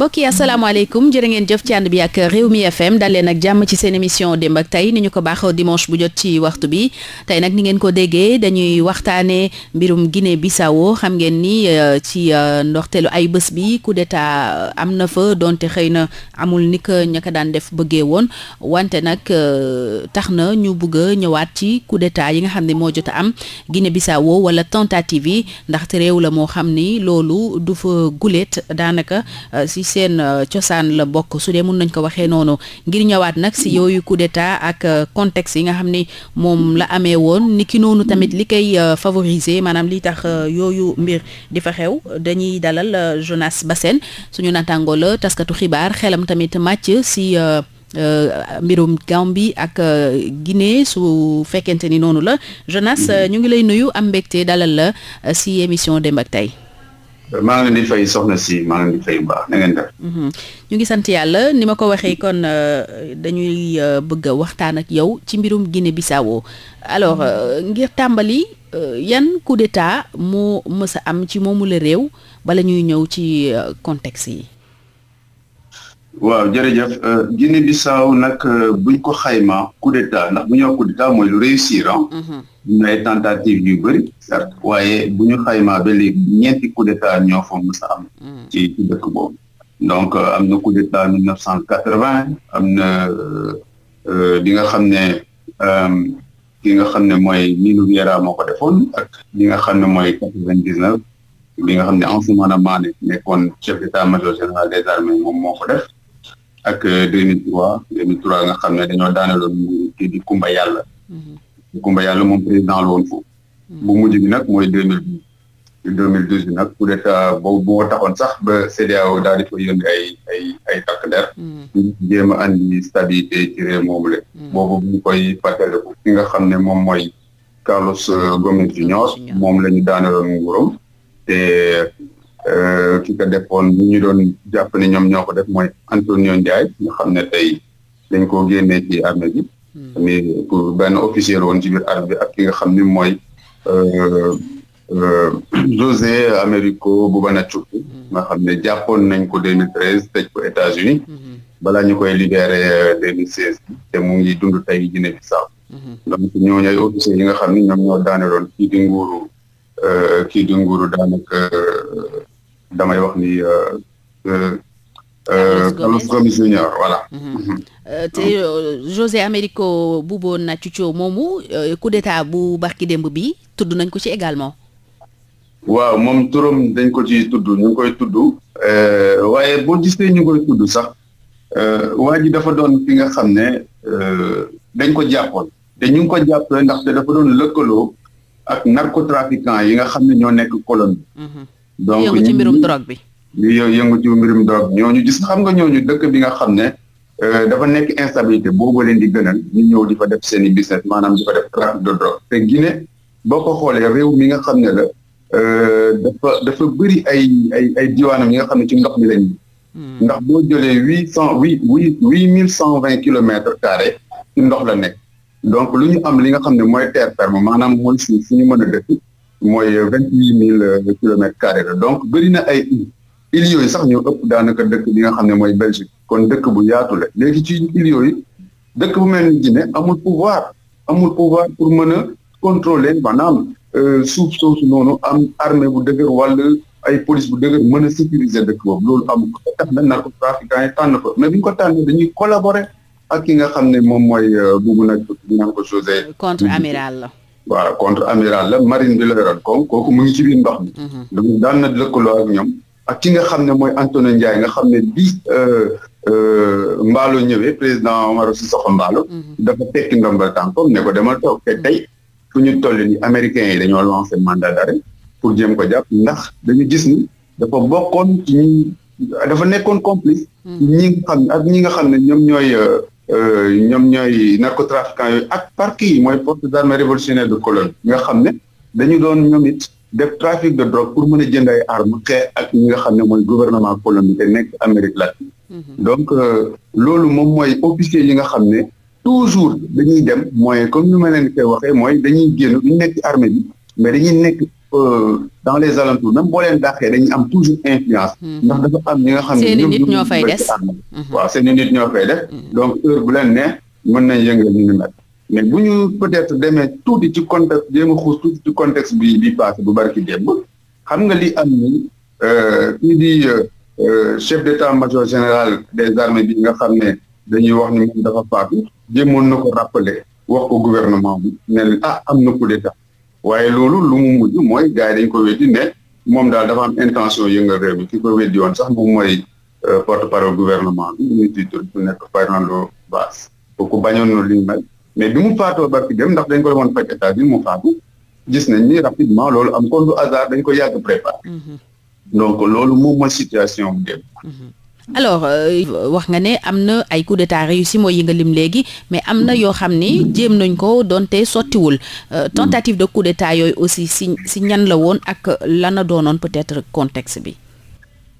mbokk yi asalaamaaleykum jërë ngeen jëf ci ànd bi ak Rewmi FM dal nag jàmm ci seen émission démb ak tey ni ñu ko baaxoo dimanche bu jot ci waxtu bi tey nag ni ngeen ko déggee dañuy waxtaanee mbirum Guinée Bissau xam ngeen ni euh, ci euh, ndorteelu ay bés bi coup d'état euh, am na fa donte xëy na amul ni ko ña ko daan def bëggee woon wante nag tax na ñu bëgg ñëwaat ci coup yi nga xam ne moo jot a am Guinée Bissau wala tentative yi ndaxte réew la moo xam ni loolu du fa guléet daanaka seen euh, cosaan la bokk su dee mun nañ ko waxee noonu ngir ñëwaat nag si yooyu coup d'état ak euh, contexte yi nga xam ni moom la amee woon ni ki noonu tamit li koy euh, favoriser maanaam li tax yooyu mbir di fa xew dañuy dalal Jonas Bassène suñu naataango la taskatu xibaar xelam tamit màcc si mbirum Gambie ak Guinée su fekkente ni noonu la Jonas ñu ngi lay nuyu am mbégte dalal la si émission Demb ak Tay maa ngi leen di fay soxna si maa ngi leen fay bu baax na mhm. ngi sant yàlla ni ma ko waxee kon euh, dañuy euh, bëgg a waxtaan ak yow ci mbirum Guinée-Bissau alors euh, ngir tàmbali yan coup d'état moo mës a am ci moomu la réew bala ñuy ñëw ci contexte yi. waaw jërëjëf Guinée-Bissau nag buñ ko xayma coup d'état ndax bu ñu wax coup d'état mooy lu réussir ah. mhm. am na yu bëri certes waaye bu ñu xaymaa ba léegi ñeenti ñoo fa mës a am hmm. ci ci dëkk boobu donc euh, am na coup d'état mille neuf cent quatre-vingt am na bi euh, euh, nga xam ne bi nga xam ne mooy Ninu Viera moo ko defoon ak bi nga xam ne mooy quatre-vingt-dix-neuf bi nga xam ne Ansoumana Mané nekkoon chef d'état-major général des armées moom moo ko def ak deux mille trois deux mille trois nga xam ne dañoo daaneloon kii Kumba Yàlla hmm. Kumba Yàlla moom président la woon hmm. bu mujj bi nag mooy deux mille deux mille douze bi nag coup d'état euh, boobu moo taxoon sax ba CEDEAO daal di fa yónni ay ay ay takk der. ñu hmm. a andi stabilité ci réew moomu la. Hmm. boobu bu ñu koy fàttaliku ki nga xam ne moom mooy Carlos euh, Gomes Junior moom la ñu daaneloon nguuram te euh, ki ko defoon li ñu doon jàpp ne ñoom ñoo ko def mooy Antonio Ndiaye nga xam ne tey dañ koo génnee ci armée bi. mais pour benn officier la woon ci biir armée bi ak ki nga xam ni mooy euh, euh, José Américo Bubanachuk nga xam ne jàppoon nañ ko 2013 tëj ko États-Unis mm-hmm. balaa ñu koy libéré 2016 euh, te mu ngi dund tey Guinée-Bissau mm-hmm. donc ñooñu xam ni ñoom ñoo daaneloon kii di nguuru kii di nguuru daanaka damay wax ni Euh, Carlos Gomes Junior voilà. Mhm. Euh, te euh, José Américo Bubo Nacucco moomu coup d'état bu barki démb bi tudd nañ ko ci également. waaw moom turam dañ ko ci tudd ñu koy tudd. waaye boo gisee ñu koy tudd sax waa ji dafa doon fi nga xam ne dañ ko jàppoon te ñu ngi ko jàppale ndaxte dafa doon lëkkaloo ak narcotrafiquant yi nga xam ne ñoo nekk colonne bi. Mhm. ci mbirum drogue bi. ñu yëngu ci mbirum drogue ñooñu gis xam nga ñooñu dëkk bi nga xam ne euh, dafa nekk instabilité boobu leen di gënal ñu ñëw di fa def seen i business maanaam di fa def trafic de drogue te Guinée boo ko xoolee réew mi nga xam ne la euh, dafa dafa bëri ay ay ay diwaanam yi nga xam ne ci ndox mi lañ hmm. ndax boo jëlee huit cent huit huit huit mille cent vingt kilomètres carrés ci ndox la nekk donc lu ñu am li nga xam ne mooy terre ferme maanaam mooy suuf fu ñu mën a dëkk mooy vingt huit mille euh, kilomètres carrés la donc bëri na ay île yooyu sax ñoo ëpp daanaka dëkk bi nga xam ne mooy Belgique kon dëkk bu yaatu le léegi ci île yi dëkk bu mel ni Guinée amul pouvoir amul pouvoir pour mën a contrôler maanaam euh, suuf soosu noonu am armée bu dëgër wala ay police bu dëgër mën a sécuriser dëkk boobu loolu am ko tax na narcotrafiquants yi tànn ko mais bu ñu ko tànnee dañuy collaborer ak ki nga xam ne moom mooy euh, bugg nag naan ko José. contre amiral la. voilà contre amiral la marine bi la yoroon kooku mu ngi ci ndox mi. Mhm. donc daan na lëkkaloo ak ñoom. ak ki nga xam ne mooy Antoine Ndiaye nga xam ne bi euh, euh, Mballo ñëwee président Umaro Sissoko Mballo mhm. dafa tekki ndombal tànkam ne ko demal toog te tey fu ñu toll ni américains yi dañoo lancé mandat d'arrêt pour jéem ko jàpp ndax dañu gis ni dafa bokkoon ci dafa nekkoon complice mhm. ñi nga xam ñi nga xam ne ñoom ñooy euh, ñoom ñooy narcotrafiquants yooyu ak parquet yi mooy forces armées révolutionnaires de colonne nga xam ne dañu doon ñoom it def trafic de drogue pour mën a jënd ay ak ñi nga xam ne mooy gouvernement colombien te nekk Amérique latine. Mhm. donc euh, loolu moom mooy officier yi nga xam ne toujours dañuy dem mooy comme ni ma leen koy waxee mooy dañuy génn duñu nekk ci bi mais dañuy nekk euh, dans les alentours même boo leen dàqee dañuy am toujours influence. Mhm. ndax dafa am ñi nga xam ne. seeni nit ñoo fay des mhm. waaw seeni nit ñoo fay des. donc heure bu ne mën nañ yëngal ñu mel. mais bu ñu peut-être demee tout tuuti ci contexte jéem a xuus tuuti ci contexte bi bi passé bu barki démb xam nga li am ni euh, kii di euh, euh, chef d'état-major général des armées bi nga xam ne dañuy wax ni moom dafa faatu jéemoon na ko rappeler wax ko gouvernement bi ah am na coup d'état waaye loolu lu mu mujj mooy gars yi dañ ko weddi ne moom daal dafa am intention yëngal réew bi ki ko weddi woon sax moom mooy porte-parole gouvernement bi ministre du nekk Fernando Vaz kooku bañoon na li ñu mais bi mu faatoo barki dem ndax dañ ko demoon faj États-Unis mu faatu gis nañ ni rapidement loolu am kon du dañ ko yàgg préparé mhm. donc loolu moom mooy situation bu dem mhm. alors euh, wax nga ne am na ay coup d'état réussi mooy yi nga lim léegi mais am na yoo xam ni jéem nañ ko doonte sottiwul euh, tentative de coup d'état yooyu aussi si si ñan la woon ak lana doonoon peut-être contexte bi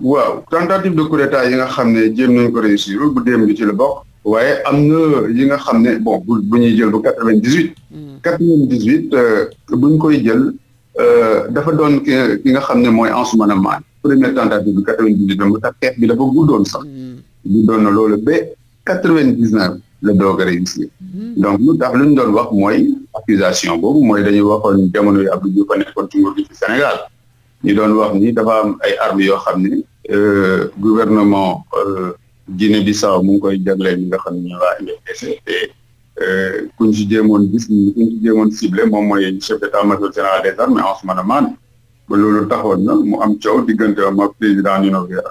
waaw tentative de coup d'état yi nga xam ne jéem nañ ko réussirul bu dem bi ci la bokk waaye am na yi nga xam ne bon bu bu ñuy jël ba quatre vingt dix huit. Hmm. quatre vingt dix huit euh, bu koy jël euh, dafa doon ki nga xam ne mooy Ansoumana Magne première tentative bi quatre vingt dix huit ba tax xeex bi dafa guddoon sax. guddoon hmm. na loolu ba quatre vingt dix la doog a réussir. Hmm. donc lu tax lu ñu doon wax mooy accusation boobu mooy dañuy waxoon jamono yi Abdou Diouf a nekkoon ci nguur gi ci Sénégal ñu doon wax ni dafa am ay armes yoo xam ne euh, gouvernement. Guinée Bissau mu ngi koy jagleel ñi nga xam ne ñoo waa MFDC te euh, ku ñu si jéemoon gis ñu ku ñu si jéemoon ciblé moom mooy chef d'état-major général des armées ma loolu taxoon na mu am coow diggante am a président Nino Vera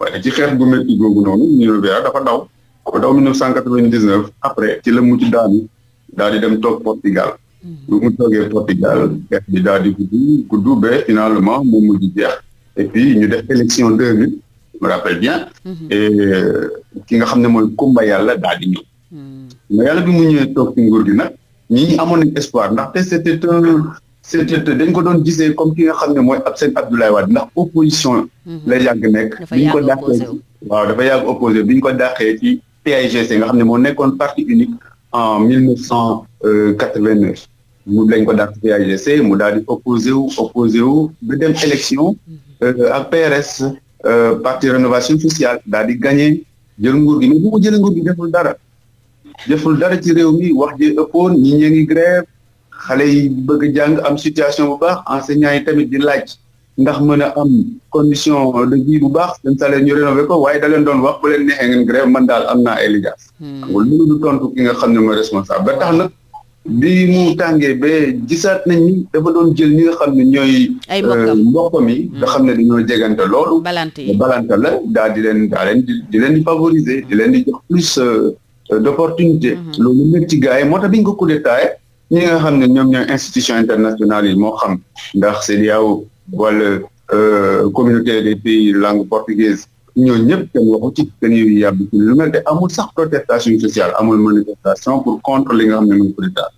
waaye ci xeex bu métti googu noonu Nino Vera dafa daw dafa daw 1999 après ci la mucc daanu daal di dem toog Portugal mm-hmm. mu tooge Portugal xeex bi daal di gudd gudd ba finalement mu mujj jeex et ñu def élection 2000 me rappelle bien. Mm-hmm. Euh, ki nga xam ne mooy Kumba yàlla daal di ñëw. mais mm-hmm. yàlla bi mu ñëwee toog ci nguur gi nag ñi amoon nañ espoir ndaxte c' était un dañ ko doon gisee comme ki nga xam ne mooy ab seen Abdoulaye Wade ndax opposition. Mm-hmm. la yàgg nekk. bi ko ko dàqee waaw dafa yàgg opposé bi ñu ko dàqee ci PAIGC nga xam ne moo nekkoon parti unique en mille neuf cent euh, quatre vingt neuf mu lañ ko dàq PAIGC mu daal di opposé wu opposé wu ba dem élection euh, ak PRS. Euh, parti rénovation sociale daal di gagné jël nguur gi mais bu mu jëlee nguur gi deful dara deful dara ci réew mi wax ji ëppoon ñi ñee ngi grève xale yi bëgg a jàng am situation bu baax enseignants yi tamit di laaj ndax mën a am condition de vie bu baax seen salaire ñu rénové ko waaye da leen doon wax bu leen neexee ngeen man daal am naa ay lijaas. Hmm. loolu du ki nga xam ne mooy responsable ba tax na. bi mu tàngee ba gisaat nañ ni dafa doon jël ñi nga xam ne ñooy. ay euh, mbokkam yi mm. nga xam ne dañoo jegante loolu. balante yi balante la daal di leen daa di leen di favoriser di leen di jox plus euh, d'opportunité. Mm-hmm. loolu nekk ci gars yi moo tax bi ñu ko coup d'état ñi nga xam ne ñoom ñooy institution internationale yi moo xam ndax CEDEAO wala euh, communauté des pays langue portugaise. ñoo ñëpp kenn waxu ci kenn yuy yàbb ci lu mel te amul sax protestation sociale amul manifestation pour contre li nga xam ne ndax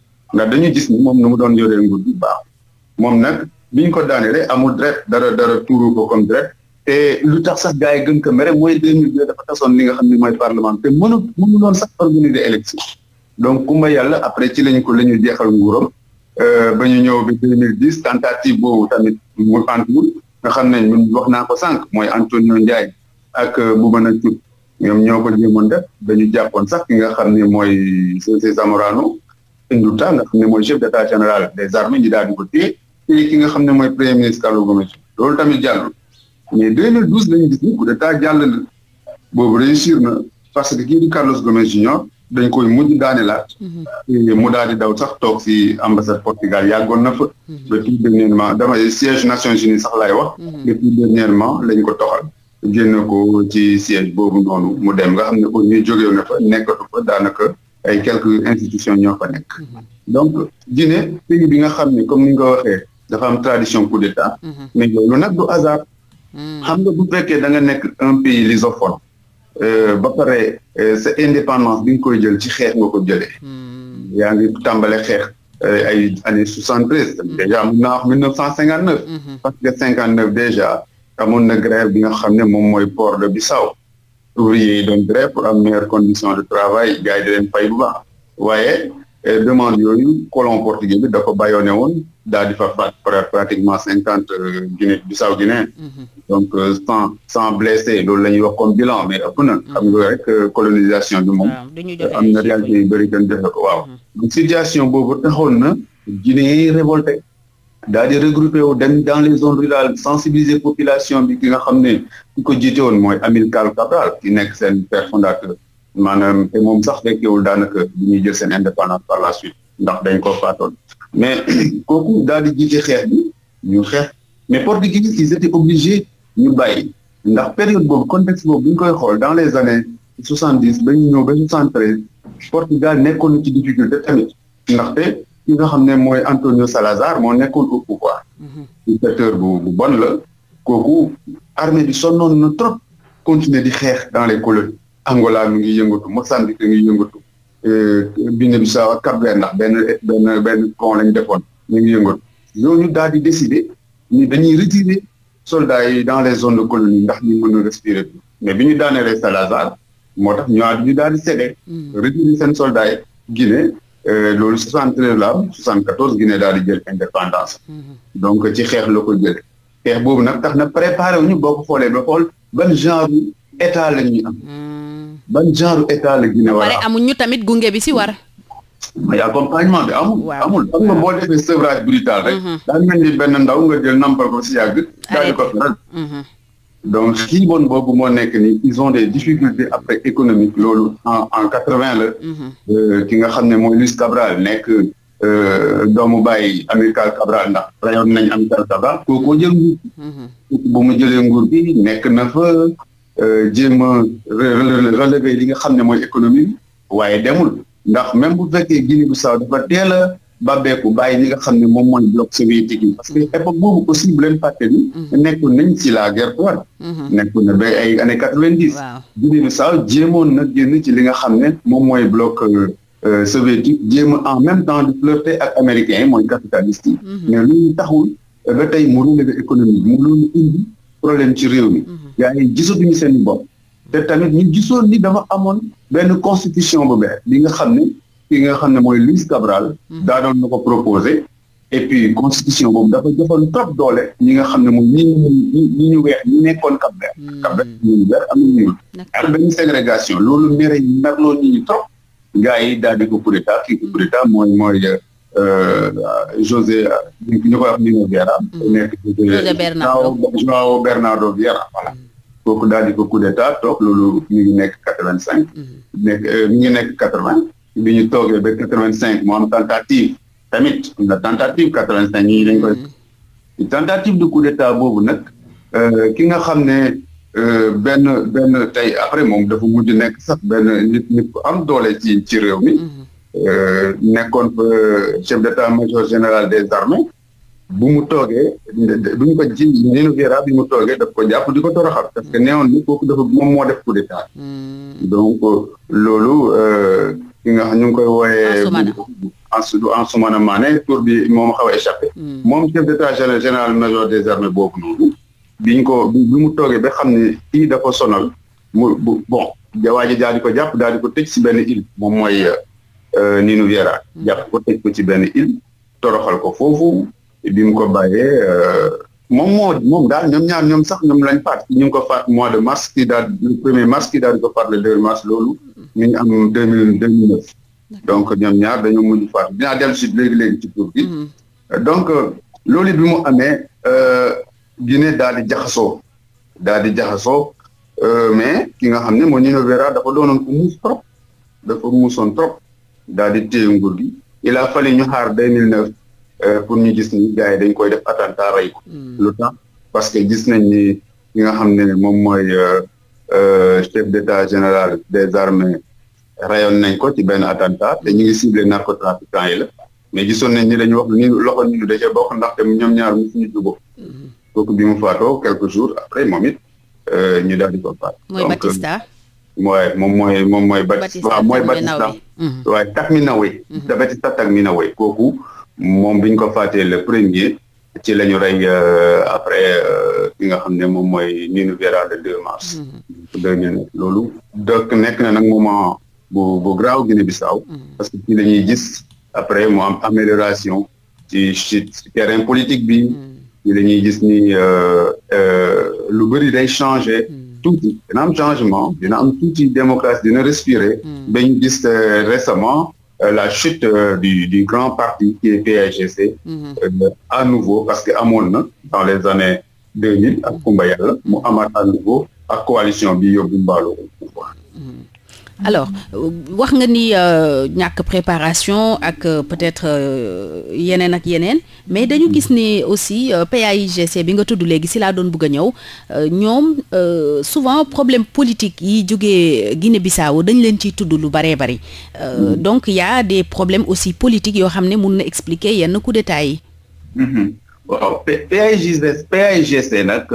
dañu gis moom nu mu doon yoree nguur bi baax moom nag biñ ko daanelee amul dret dara dara tuuru ko comme dret te lu tax sax gars gën ko mere mooy deux de deux dafa tasoon li nga xam ne mooy parlement te mënu mënu loon sax organiser élection donc kumba yàlla après ci lañ ko la ñu jeexal nguuram euh, ba ñu ñëw bi deux mille tentative boobu tamit mu antuwul nga xam ne ñun wax naa ko sànq mooy Antonio Ndiaye ak bu mën a cut ñoom ñoo ko jéemoon def dañu jàppoon sax ki nga xam ne mooy José Zamorano Induta nga xam ne mooy chef d' état général des armées ñi daal di ko téye ki nga xam ne mooy premier ministre Carlo Gomes loolu tamit jàllul mais 2012 lañu gis ni coup d'état jàll boobu réussir na parce que kii di Carlos Gomes Junior dañ koy mujj daane laat mhm. mu daal daw sax toog si ambassade Portugal yàggoon na fa ba mhm. tout dernièrement dama siège Nations Unies sax laay mhm. lañ ko toxal génne ko ci siège boobu noonu mu dem nga xam ne ko ñu jógew na fa nekkatu daanaka ay quelques institutions ñoo fa nekk mhm. donc Guinée pays bi nga xam ne comme ni nga ko waxee dafa am tradition coup d'état mhm. mais loolu nag du hasard mhm. xam nga bu fekkee da nga nekk un pays lusophone euh, ba pare euh, sa indépendance bi nga koy jël ci xeex nga ko jëlee yaa ngi tàmbale xeex euh, ay années soixante treize déjà mille neuf cent cinquante neuf parce que cinquante neuf déjà amoon na grève bi nga xam ne moom mooy port de Bissau ouvrier don doon grève pour am meilleure condition de travail gars yi di leen fay bu baax waaye eh, demande yooyu colon portugais bi dafa bàyyoone woon daal di fa faat pratiquement cinquante euh, Guinée Bissau Guinée mhm. donc euh, sans blessé loolu la ñuy wax comme bilan mais ëpp na mhm. xam nga rek euh, colonisation bi moom am na réalité yu bëri gën defe ko waaw mhm. donc situation boobu taxoon na Guinée révolté daal di regroupé wu dem dans les zones rurales sensibiliser population bi ki nga xam ne ki ko jiite woon mooy Amilcar Cabral ki nekk seen père fondateur maanaam te moom sax fekkewul daanaka bi ñuy jël seen indépendance par la suite ndax dañ ko faatoon mais kooku daal di jiite xeex bi ñu xeex mais portugais ils étaient obligés ñu bàyyi ndax période boobu contexte boobu bu koy xool dans les années soixante dix ba ñu ñëw ba soixante treize Portugal nekkoon ci difficulté tamit ndaxte ki nga xam ne mooy Antonio Salazar moo nekkoon au pouvoir mhm. dictateur bu bu bon la kooku armée bi sonnoon na trop continuer di xeex dans les colonies Angola mi ngi yëngatu Mozambique mi ngi yëngatu euh, Guinée-Bissau ak Cap-Vert ndax benn benn benn pont lañ defoon mi ngi yëngatu ñu daal di décider ni dañuy retirer soldats yi dans les zones de colonie ndax ñu mën a mais bi ñu daaneelee Salazar moo tax ñu daal di cédé mhm. retirer seen soldats yi Euh, loolu soixante-treize la am soixante-quatorze Guinée daal di jël indépendance mhm. donc ci xeex la ko jël xeex boobu nag tax na préparé wu ñu boo ko xoolee ba xool ban genre état la ñu am mm. ban genre état la Guinée war a amul ñu tamit gunge bi si war mais accompagnement bi amul amul xam nga boo defee sevrage brutal rek mhm. daa mel ni benn ndaw nga jël nampal ko si yàgg daal di ko faral mhm. donc kii bon boobu moo nekk ni ils ont des difficultés après économique loolu en en quatre-vingt la mhm. euh, ki nga xam ne mooy Luis Cabral nekk euh, doomu bàyyi Amilcar Cabral ndax rayoon nañ Amilcar Cabral kookoo jël nguur mhm. bu mu jëlee nguur bi nekk na fa euh, jéem a li nga xam ne mooy économie bi waaye demul ndax même bu fekkee Guinée-Bissau dafa teel a bàbbeeku bàyyi ñi nga xam ne moom mooy bloc soviétique yi parce mm-hmm. nañ ci la guerre froide mm-hmm. nekkoon na ba ay quatre-vingt-dix Guinée Bissau jéemoon na génn ci li nga xam ne moom mooy bloc euh, euh, soviétique jéem en même temps di flirter ak américains yi mooy capitaliste yi mm-hmm. mais loolu taxul euh, ba tey mu relevé économique mu loolu indi problème ci réew mi yaa ngi gisatuñu seen bopp te tamit ñu gisoon ni dafa amoon benn constitution bu bees li nga xam ne ki nga xam ne mooy Louis Cabral hmm. daanoon na ko proposé et constitution boobu dafa joxoon trop doole ñi nga xam ne mooy ñi ñu nekkoon Cap Vert hmm. Cap Vert ñuñu vert am na trop gars yi daal di ko coup d'état kii ko coup hmm. d'état mooy mooy euh, euh, José ñu koy wax Nino Vieira nekk João Bernardo Vieira voilà kooku daal di ko coup d'état toog loolu ñu nekk quatre vingt cinq nekk euh, nekk quatre vingt bi ñu toogee ba quatre-vingt-cinq mu am tentative tamit am na tentative quatre-vingt-cinq ñi dañ koy mm-hmm. tentative de coup d'état boobu nag euh, ki nga xam ne euh, benn benn tey après moom dafa mujj nekk sax benn nit nit ku am doole ci ci réew mi mm-hmm. euh, nekkoon fa chef d'état-major général des armées bu mu toogee bu ñu ko ci ninu Viera bi mu toogee daf ko jàpp di ko toroxal parce que mm-hmm. neewoon ni kooku dafa moom moo def coup d'état donc loolu ki nga xam ñu ngi koy wooyee. Ansoumana Ansoumana Mané tur bi moom xaw a échappé. Hmm. moom chef d'état général major des armées boobu noonu. biñ ko bi mu toogee ba xam ne kii dafa sonal mu bon waa ji daal di ko jàpp daal di ko tëj si benn île moom mooy euh, Ninu Viera hmm. jàpp ko tëj ko ci benn île toroxal ko foofu bi mu ko bàyyee. Euh, moom moo moom daal ñoom ñaar ñoom sax ñoom lañ faat ñu ngi ko faat mois de mars kii daal premier mars ki daal di ko faat le deux mars loolu ñu ngi am deux mille deux mille neuf donc ñoom ñaar dañoo mujj faat dinaa dellu si léegi léegi ci tur mm-hmm. donc euh, loolu bi mu amee euh, Guinée daal di jaxasoo daal di jaxasoo euh, mais ki nga xam ne moo Nino Vera dafa doonoon ko muus trop dafa muusoon trop daal di téye nguur gi il a fallu ñu xaar deux mille Euh, pour ñu gis ni gars yi dañ koy def attentat rey ko. Hmm. lu tax parce que gis nañ ni ki nga xam ne moom mooy euh, euh, chef d'état général des armées rayoon nañ ko ci benn attentat te ñu ngi ciblé narcotrafiquants yi la mais gisoon nañ ni dañu wax ni loxo ni ñoom ñaar mu suñu jubóo. Hmm. kooku bi mu faatoo quelques jours après moom ñu daal ko faat. mooy Batista. waaye moom mooy moom mooy. Batista waaw mooy Batista. waaye hmm. Takminawe. Batista Takminawe kooku. moom bi ñu ko faatee le premier ci lañu ñu rey euh, après euh, ki nga xam ne moom mooy Nino Vera le deux mars mm-hmm. deux mille loolu donc nekk na nag moment bu bu graaw Guinée-Bissau mm-hmm. parce que ci la gis après mu am amélioration ci ci terrain politique bi ci mm-hmm. la ñuy gis ni euh, lu bëri day changé tuuti dina changement dina am tuuti démocratie dina respirer ba ñu gis récemment Euh, la chute euh, du, du, grand parti qui était AGC mhm. euh, à nouveau parce que amoon na dans les années 2000 ak Kumba Yàlla mu amaat à nouveau ak coalition bi yóbbu Mballo au pouvoir mhm. alors wax nga ni euh, ñàkk préparation ak euh, peut-être euh, yeneen ak yeneen mais dañu gis ni aussi PAIGC bi nga tudd léegi si laa doon bëgg a ñëw ñoom souvent problème politique yi jógee Guinée-Bissau dañ leen ciy tudd lu baree bari mm-hmm. donc y a des problèmes aussi politique yoo xam ne mun na expliquer yenn coup d'état yi mm-hmm. waaw PAIGC nag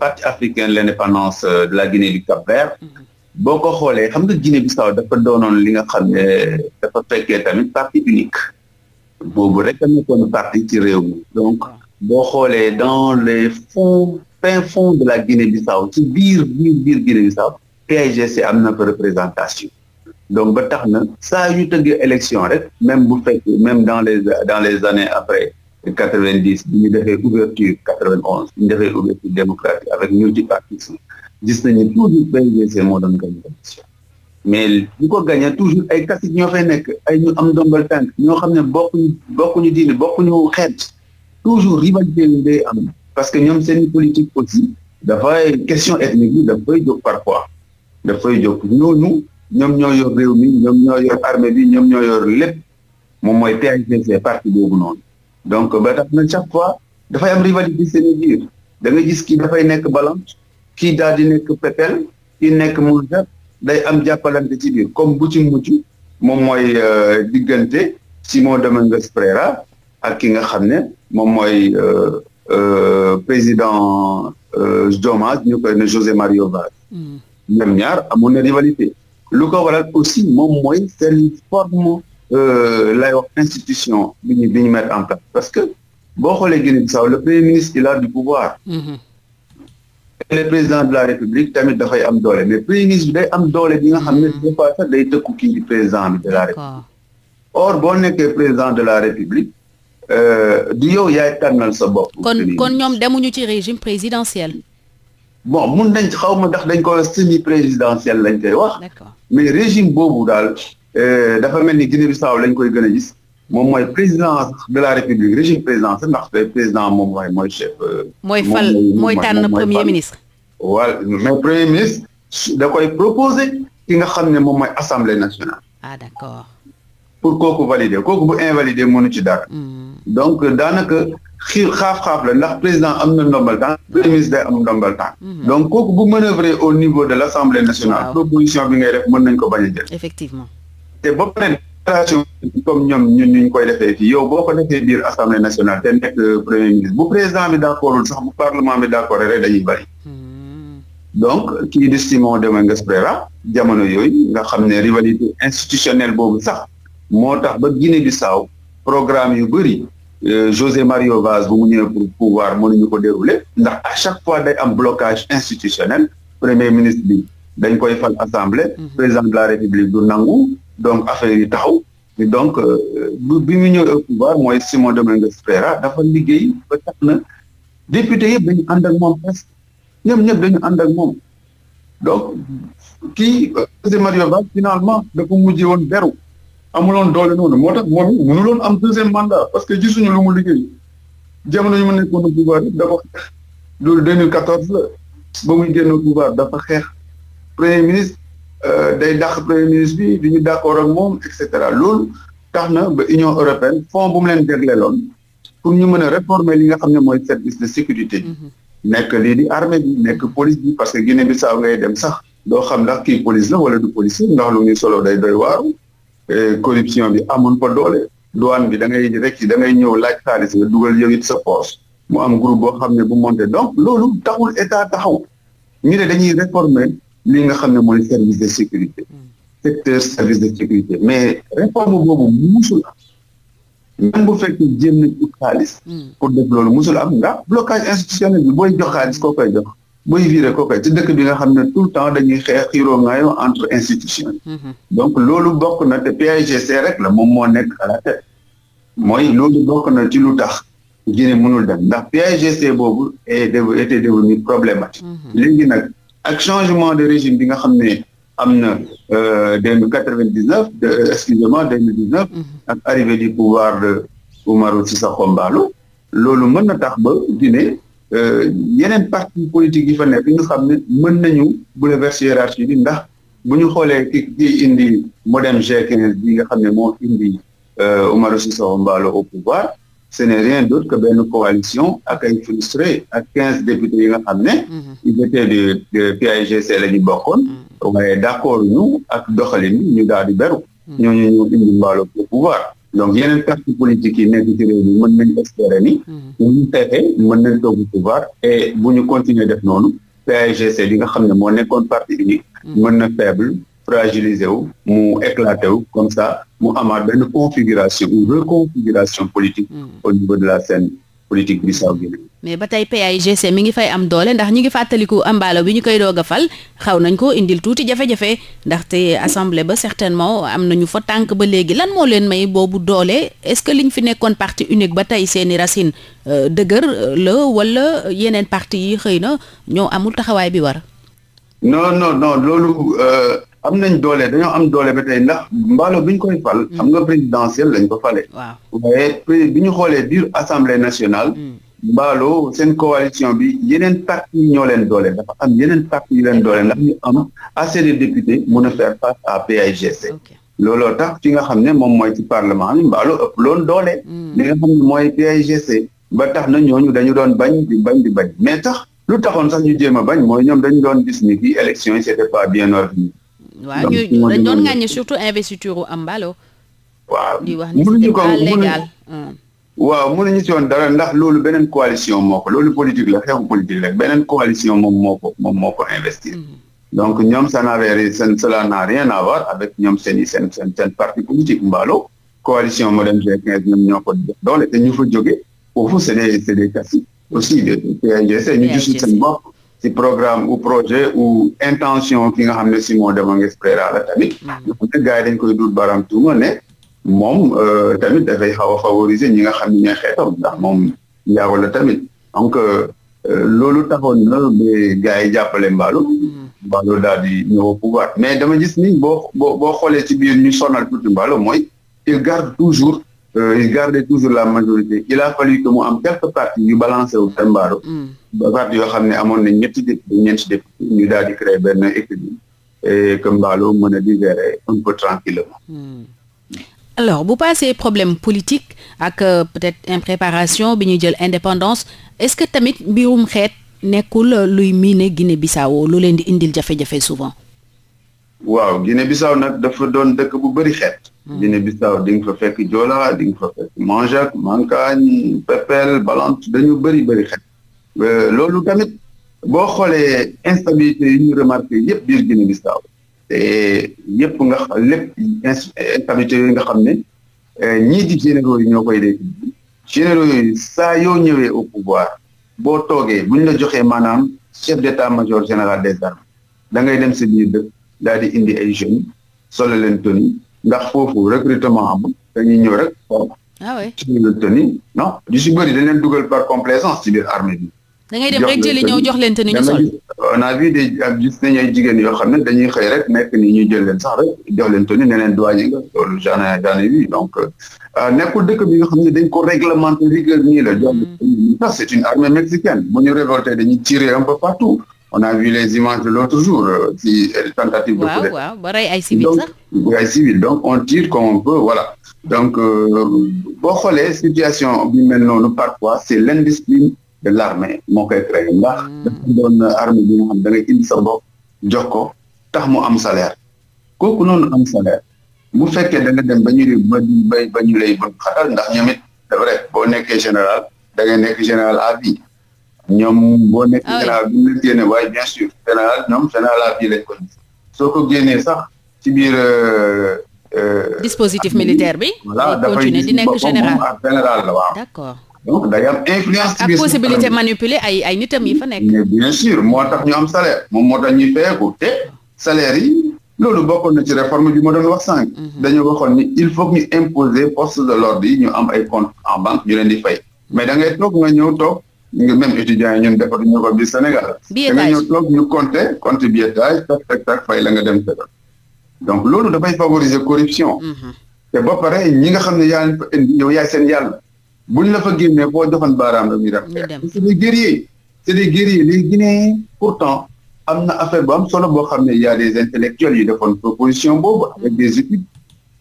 parti africain l'indépendance de la Guinée du Cap-Vert mm-hmm. boo ko xoolee xam nga Guinée Bissau dafa doonoon li nga xam ne dafa fekkee tamit parti unique boobu rek a nekkoon parti ci réew mi donc boo xoolee dans les fonds fin fond de la Guinée Bissau ci biir biir biir Guinée Bissau PAIGC am na fa représentation donc ba tax na saa yu tëgg élection rek même bu fekk même dans les dans les années après quatre vingt dix bi ñu defee ouverture quatre vingt onze bi ñu defee ouverture démocratique avec multipartisme gis nañu toujours PNGC moo doon gagné mais bu ko gagné toujours ay kasit ñoo fay nekk ay ñu am ndombal tànk ñoo xam ne ñu bokkuñu diine ñu xeet toujours rivalité yi day am parce que ñoom seen politique aussi dafay question ethnique bi dafay jóg parfois dafay jóg ñooñu ñoom ñoo yor réew mi ñoom ñoo yor bi ñoom ñoo yor lépp moom mooy PNGC parti boobu noonu donc ba tax na chaque fois dafay am rivalité seen biir da nga gis ki dafay nekk balance kii daal di nekk PPL kii nekk MOUJAP day am jàppalante ci biir comme bu ci moom mooy euh, diggante Simon Domingos Pereira ak ki nga xam ne moom mooy euh, euh, président Diomaye ñu koy ne José Mario Vaz hmm. ñoom ñaar amoon na rivalité lu ko waral aussi moom mooy seen forme lay wax institution bi ñu bi en place parce que boo xoolee Guinée-Bissau le premier ministre il a du pouvoir hmm. le président de la république tamit dafay am doole mais premier ministre day am doole bi nga xam ne des fois sax day dëkku kii di président de la république or boo nekkee président de la république euh, du yow yaay tànnal sa bopp kon kon ñoom demuñu ci régime présidentiel bon mun nañ xaw ma ndax dañ ko semi présidentiel lañ koy wax mais régime boobu daal euh, dafa mel ni Guinée-Bissau lañ koy gën a gis moom mooy président de la république régime présidentiel ndax président moom mooy mooy chef. Euh, mooy fal mooy tànn premier ministre. voilà mais premier ministre da koy proposer ki nga xam ne moom mooy assemblée nationale. ah d'accord. pour kooku valider kooku bu invalider mënu ci dara. Hmm. donc daanaka xiir xaaf-xaaf la ndax président am na ndombal temps premier ministre day am ndombal temps. Hmm. donc kooku bu manœuvrer au niveau de l'assemblée nationale. proposition bi ngay def mën nañ ko bañ a jël. effectivement te ba pare. déclaration comme ñoom ñu ñu koy defee fii yow boo ko defee biir assemblée nationale te nekk premier ministre bu président bi d'accordul sax bu parlement bi d'accord rek dañuy bari hmm. donc kii di Simon Domingues Pereira jamono yooyu nga xam ne rivalité institutionnelle boobu sax moo tax ba Guinée-Bissau programme yu bëri euh, José Mario Vaz bu mu ñëwee pour pouvoir mënuñu ko ndax à chaque fois day am blocage institutionnel premier ministre bi dañ koy fal assemblée hmm. président de la république du nangu donc affaire yi taxaw donc euh, bi mu ñëwee au pouvoir mooy Simon Domingues Pereira dafa liggéey ba tax na député yëpp dañu ànd ak moom presque ñëpp dañu ànd ak moom donc kii José Mario Vaz finalement dafa mujjee woon beru amuloon doole noonu moo tax moom it mënuloon am deuxième mandat parce que gisuñu lu mu liggéey jamono ñu ma nekkoon au pouvoir yi dafa xeex loolu 2014 la ba muy génn pouvoir dafa xeex premier ministre Euh, day dàq premier ministre bi du ñu d'accord ak moom et loolu tax na ba Union européenne fonds bu mu leen jagleeloon pour ñu mën a réformer li nga xam ne mooy service de sécurité bi mm-hmm. nekk lii di armée bi nekk police parce que Guinée Bissau ngay dem sax doo xam ndax kii police wala du policier lu ñu solo day doy waaru corruption bi amoon fa doole douane bi da ngay rek ci da ngay ñëw laaj xaalis nga dugal yow it sa poche mu am groupe boo xam ne bu monté donc loolu taxul état taxaw ñu ne dañuy réformer li nga xam ne mooy service de sécurité secteur service de sécurité mais réforme boobu musul bu fekkee jéem nañ ut xaalis pour def musul am ndax blocage institutionnel bi booy jox xaalis koo koy jox booy viré koo koy ci dëkk bi nga xam ne tout le temps dañuy xeex xiroo ngaayoo entre institutions yi mhm. donc loolu bokk na te PAGC rek la moom moo nekk à la mooy loolu bokk na ci lu tax Guinée mënul dem ndax PAGC boobu est était devenu a mhm. léegi nag ak changement de régime bi nga xam ne am na euh, deux mille quatre-vingt-dix-neuf euh, excusez-moi deux mille dix-neuf mm-hmm. ak arrivée du pouvoir de Umaru Sissoco Embaló loolu mën na tax ba dine euh, yeneen parti politique yi fa nekk yi nga xam ne mën nañu bouleverser hiérarchie bi ndax bu ñu xoolee ki ki indi modem G15 bi nga xam ne moo indi Umaru Sissoco Embaló au pouvoir ce n'est rien d'autre que benn coalition ak ay frustré ak quinze députés yi nga xam ne mhm. ils étaient de de PAIGC la ñu bokkoon mhm. waaye d'accord ñu ak doxalin ñu daal di beru mhm. ñoo ñu indi mbaalo pour pouvoir donc yeneen parti politique yi nekk ci réew mi mën nañ espérer ni mën nañ toog pouvoir et bu ñu continuer def noonu PAIGC li nga xam ne moo nekkoon parti unique mën na faible fragiliser wu mu éclater wu comme ça mu amaat benn configuration ou reconfiguration politique hmm. au niveau mais ba tey PAIGC mi ngi fay am doole ndax ñi ngi fàttaliku ambaalo bi ñu koy doog a fal xaw nañ ko indil tuuti jafe-jafe ndax te assemblée ba certainement am na ñu fa tànk ba léegi lan moo leen may boobu doole est-ce que li liñ fi nekkoon parti unique ba tey seeni racine euh, dëgër euh, la wala yeneen parti yi xëy na ñoo amul taxawaay bi war non non non loolu euh, am nañ doole dañoo am doole ba tey ndax mbaalo bi ñu koy fal. Mm. xam nga présidentiel lañ ko fale. waaw waaye bi ñu xoolee biir assemblée nationale. Mm. mbaalo seen coalition bi yeneen parti ñoo leen doole dafa am yeneen parti leen doole ndax ñu am assez de députés mun a faire face à PAIGC. looloo tax fi nga xam ne moom mooy ci parlement bi mbaalo ëpp doole. Mm. li xam ne mooy PAIGC. ba tax na ñooñu dañu doon bañ bi bañ di bañ mais tax lu taxoon sax ñu jéem a bañ mooy ñoom dañu doon gis ni fii élection yi c'était waaw ñu dañ ñu ŋàññi surtout investiture u mbaalo waaw di wax ni c'était pas légal waaw mënuñu si woon dara ndax loolu beneen coalition moo ko loolu politique la xeexu politique la beneen coalition moom moo ko moom moo ko investir mhm. donc ñoom ça n'avait seen cela n'a rien à voir avec ñoom seen i seen seen seen parti politique Mbalo coalition Modem G15 ñoom ñoo ko doole te ñu fa jóge foofu c'est des c'est des casiers aussi de PNGC ñu gisul seen bopp ci programme ou projet ou intention ki nga xam ne Simon Devangues Pereira la tamit. ñoom mm. nag gars dañ koy dut baram tuuma ne moom euh, tamit dafay xaw a favoriser ñi nga xam ne ñooy xeetam moom njaago la tamit donc euh, euh, loolu taxoon na ba gars yi jàppale Mballo. Mm. Mballo daal di ñëw mais dama gis ni boo bo boo xoolee ci biir ñu sonal tuuti Mballo mooy il garde toujours. Euh, il gardait toujours la majorité il mu am quelques partis yu balancé wu seen mbaadu. Mm. yoo xam ne amoon na ñetti député ñeenti député ñu daal di créer benn équilibre et que mën a di un peu tranquillement mm. alors bu passé problème politique ak euh, peut-être impréparation bi ñuy jël indépendance est-ce que tamit mbirum xeet nekkul euh, luy miine Guinée-Bissau lu leen di indil jafe-jafe souvent. waaw Guinée-Bissau nag dafa doon dëkk bu bëri xeet. Hmm. Guinée Bissau di nga fa fekk Joola di nga fa fekk Manjaak Mankaañ Pepel Balante dañu bëri bëri xeet euh, loolu tamit boo xoolee instabilité yi ñu remarqué yëpp biir Guinée Bissau te yëpp nga lépp instabilité yooyu nga xam ne euh, ñii di généraux yi ñoo koy dégg généraux yooyu saa yoo ñëwee au pouvoir boo toogee bu ñu la joxee maanaam chef d'état-major général des armées da ngay dem si biir dëkk daal di indi ay jeunes solo leen tenue ndax foofu recrutement amul dañuy ñëw rek ah oui suñu la tenue non ñu si bëri dañ leen dugal par complaisance ci biir armée bi. da ngay dem rek jëli jox leen tenue ñu sol. na a vu gis nañ ay jigéen yoo xam ne dañuy xëy rek nekk ni ñu jël leen sax rek jox leen tenue ne leen doyen nga loolu genre genre donc euh, ah, nekkul dëkk bi nga xam ne dañ ko réglementé rigueur nii la jox. Mm. ça c'est une armée mexicaine bu ñu dañu dañuy tirer un peu partout. on a vu les images de l'autre jour ci euh, tentative de coup d'État ba ay civil sax ay civil donc on tire comme on peut voilà donc euh, boo xoolee situation bi mel noonu parfois c'est l'indiscipline de l'armée moo koy créé ndax hmm. dafa doon armée bi nga xam da indi sa bopp jox ko tax mu am salaire kooku noonu am salaire bu fekkee da dem ba ñu ba ba ñu lay ndax ñoom it vrai boo nekkee général da ngay nekk général à vie ñoom boo nekk ah général bi ñu bien sûr général ñoom général la bii lañ ko soo ko génnee sax ci biir. Euh, euh, dispositif militaire bi. voilà dafay di nekk général ak général la waaw. d'accord donc day am influence. ci biir possibilité manipuler ay ay nitam yi fa nekk. bien sûr moo tax ñu am salaire. moom moo tax ñuy fayeeku te salaire yi loolu bokkoon na ci réforme bi ma doon wax sànq. Mhm. dañoo waxoon ni il faut ñu imposer force de l'ordre yi ñu am ay compte en banque ñu leen di fay mais da ngay toog nga ñëw toog. même étudiants yi ñun defar ñu ko bi Sénégal. billetage da nga ñëw toog ñu compter compter billetage tak tak la nga dem seetal. donc loolu dafay favoriser corruption. Mm-hmm. te ba pare ñi nga xam ne yaa yow yaay seen yàlla. ñu la fa génnee boo joxoon baaraam la ñuy def. c'est des guerriers c'est des guerriers les Guinéens pourtant am na affaire bu am solo boo xam ne y a des intellectuels yu defoon proposition boobu avec mm-hmm. des études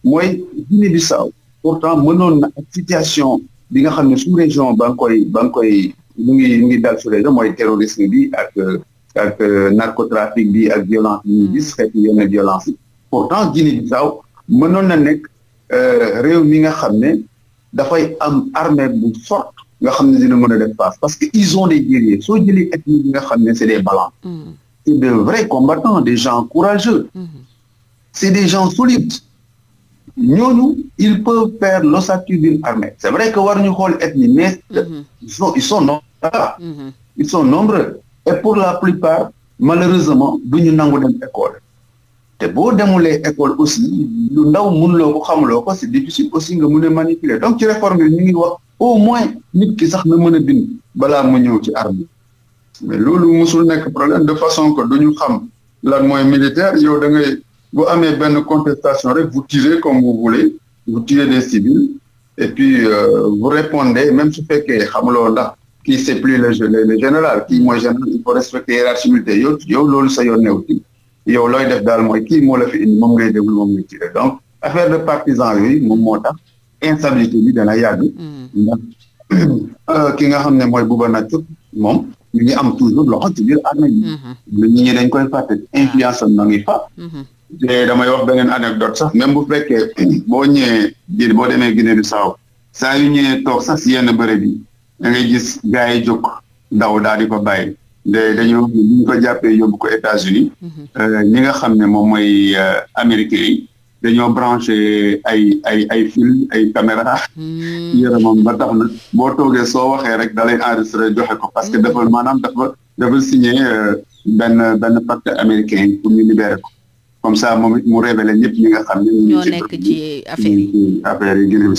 mooy Guinée-Bissau pourtant mënoon na ak situation bi nga xam ne sous région ba nga koy ba nga koy. mu ngi mu ngi dal su région mooy terrorisme bi ak ak euh, narcotrafic bi ak violence yi ñu gis hmm. xeetu yenn violence pourtant Guinée Bissau mënoon na nekk euh, réew mi nga xam ne dafay am armée bu forte nga xam ne dina mën a def face parce que ils ont des guerriers soo jëlee ethnie nga xam ne c'est des balances hmm. c'est de vrais combattants des gens courageux hmm. c'est des gens solides ñooñu ils peuvent faire l'ossature d'une armée c'est vrai que war ñu xool ethnie mais mm-hmm. ils sont ils sont nombreux mm-hmm. ils sont nombreux et pour la plupart malheureusement du ñu nangu dem école te boo demulee école aussi lu ndaw mënuloo ko xamuloo ko c'est difficile aussi nga mën a manipuler donc ci réforme yi ñu ngi wax au moins nit ki sax na mën a bind balaa mu ñëw ci armée mais loolu musul nekk problème de façon que du ñu xam lan mooy militaire yow da ngay bu amee benn contestation rek vous tirez comme vous voulez vous tirez des civils et puis euh, vous répondez même su fekkee xamuloo ndax kii c'est plus le le général kii mm. mooy général il faut respecter hiérarchie militaire yow yow loolu sa yoon new yow looy def daal mooy kii moo la fi indi moom ngay déglu moom ngay tiré donc affaire de partisan yooyu moom moo tax instabilité bi dana yàgg mm. ndax euh, ki nga xam ne mooy Bouba Natioune moom ñu ngi am toujours lo ci biir armée bi lu mm-hmm. ñu dañ koy influence am fa mm-hmm. te eh, damay wax beneen anecdote sax même bu fekkee boo ñëwee Guinée boo demee Guinée Bissau saa yu ñëwee toog sax si yenn bërëb bi da ngay gis gars yi jóg daw daal di ko bàyyi de dañoo ñu ko jàppee yóbbu ko États-Unis mhm. eh, ñi nga xam ne moom mooy eh, américains yi dañoo branché ay ay ay film ay caméra hmm. yaramam ba tax na boo toogee soo waxee rek da lay enregistré joxe ko parce que hmm. dafa maanaam dafa dafa signé benn benn pacte américain pour ñu libéré comme ça moom mu révélé ñëpp ñi nga xam ne. ñoo nekk ci affaire yi affaire yi Guinée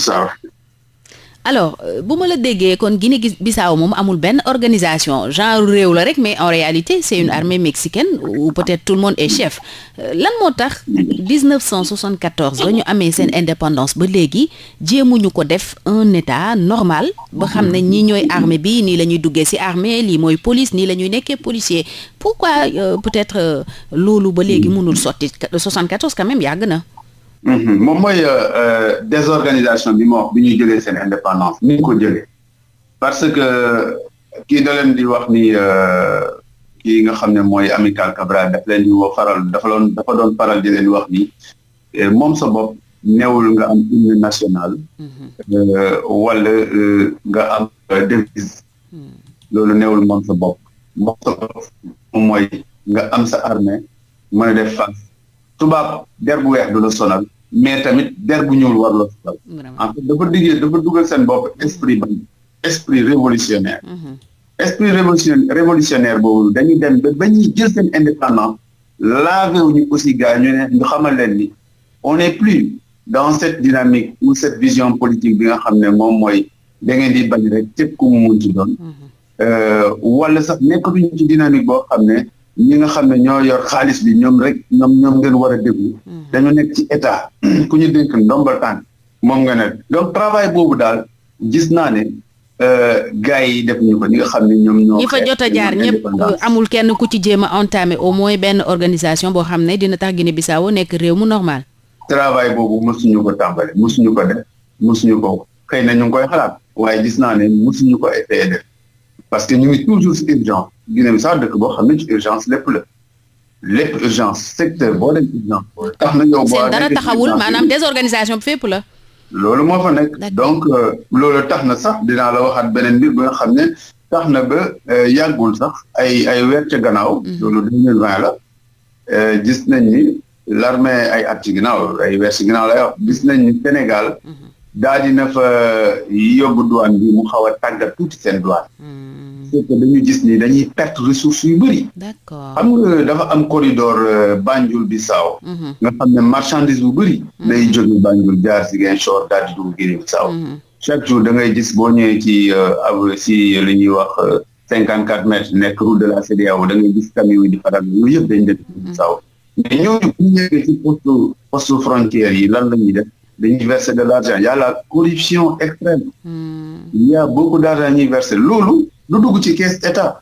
alors euh, bu ma la déggee kon gis Bissau moom amul benn organisation genre réew la rek mais en réalité c'est une armée mexicaine où peut-être tout le monde est chef euh, lan moo tax 1974 ba ñu amee seen indépendance ba léegi jéemu ñu ko def un état normal ba xam ne ñii ñooy armée bi nii la ñuy duggee ci armée lii mooy police nii la ñuy nekkee policier pourquoi euh, peut-être loolu ba léegi mm. mënul sotti 74 quand même yàgg na Mhm. moom mooy euh, euh, désorganisation bi ma bi ñuy jëlee seen indépendance ni ko jële parce que kii da leen di wax ni euh, kii nga xam ne mooy amical Cabral daf leen di dafa doon dafa doon faral di leen wax ni moom sa bopp neewul nga am hymne national mhm. wala nga am devise mhm. loolu neewul moom sa bopp moom sa bopp mooy nga am sa armée mën a def tubaab der bu weex du sonal mais tamit der bu ñuul war la tukkal en fait dafa diggee dafa dugal seen bopp esprit ba esprit révolutionnaire mm-hmm. esprit révolution révolutionnaire boobu dañuy dem ba ñuy jël seen indépendance laave wu ñu aussi gars ñu ne ñu xamal leen ni on n'est plus dans cette dynamique ou cette vision politique bi nga xam ne moom mooy da ngeen di bañ rek képp ku mu mun ci doon mm-hmm. euh, wala sax nekk duñu ci dynamique boo xam ne ñi nga xam ne ñoo yor xaalis bi ñoom rek ñoom ñoom ngeen war a déglu mhm. dañu nekk ci état ku ñu dénk ndombal tànk moom nga ne donc travail boobu daal gis naa ne euh, gars yi def ñu ko ñi nga xam ne ñoom ñoo ñi fa jot a jaar ñëpp euh, amul kenn ku ci jéem a entamé au moins benn organisation boo xam ne dina tax Guinée Bissau nekk réew mu normal travail boobu mësuñu ko tàmbale mësuñu ko def mësuñu ko xëy na ñu ngi koy xalaat waaye gis naa ne mësuñu ko essayé def parce que ñu ngi toujours si urgence Guinée Bissau dëkk boo xam ne ci urgence lépp la lépp urgence secteur boo dem urgence. tax na yow seen dara taxawul maanaam désorganisation bi fépp la. loolu moo fa nekk donc euh, loolu tax na sax dinaa la waxaat beneen mbir ba nga xam ne tax na ba euh, yàggul sax ay ay weer ca gannaaw. Mhm. loolu deux mille euh, gis nañ ni l'armée ay at ci ginnaaw ay weer ci ginnaaw lay wax gis nañ ni Sénégal. Mhm. daa dina fa yóbbu douane bi mu xaw a tàggat tuuti seen douane. c'est hmm. que dañu gis ni dañuy perte ressources yu bëri. xam nga dafa am corridor euh, Banjul Bissau. Mhm. nga xam ne marchandise bu bëri. Mhm. day jóge Banjul jaar Ziguinchor daal di dugg Guinée Bissau. Mhm. chaque jour da ngay gis boo ñëwee ci si euh, li ñuy wax euh, cinquante quatre mètres nekk route de la CEDEAO da ngay gis camion yi di faral yooyu yëpp dañ dem Bissau mais ñooñu bu ñu ci poste poste frontière yi lan la ñuy def. dañuy verser de l'argent il y la corruption extrême mm. il beaucoup d'argent ñuy verser loolu lu dugg ci caisse état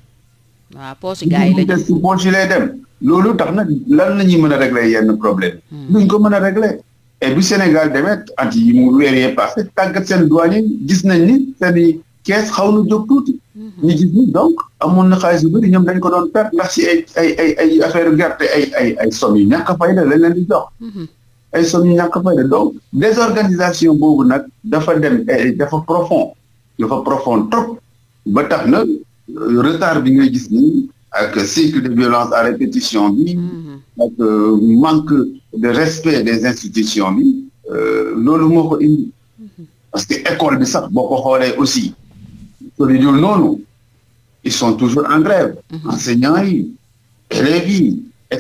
waaw poche gars yi la ci poche lay dem loolu tax na lan la ñuy mën a régler yenn problème hmm. duñ ko mën a régler et bi Sénégal demet at yi mu weer yee passé tàggat seen douanier gis nañ ni seen i kees xaw na jóg tuuti hmm. ñu gis ni donc amoon na xaalis yu bëri ñoom dañ ko doon perte ndax si ay ay ay ay affaire gerte ay ay ay somme yi ñàkk a fay la lañ leen di ay somme yu ñàkk fayda donc désorganisation boobu nag dafa dem eh, dafa profond dafa profond trop ba tax na euh, retard bi ngay gis nii ak cycle de violence à répétition bi mm-hmm. ak euh, manque de respect des institutions bi euh, loolu moo ko indi mm-hmm. parce que école bi sax boo ko xoolee aussi solidul noonu ils sont toujours en grève mm-hmm. enseignants yi élèves yi et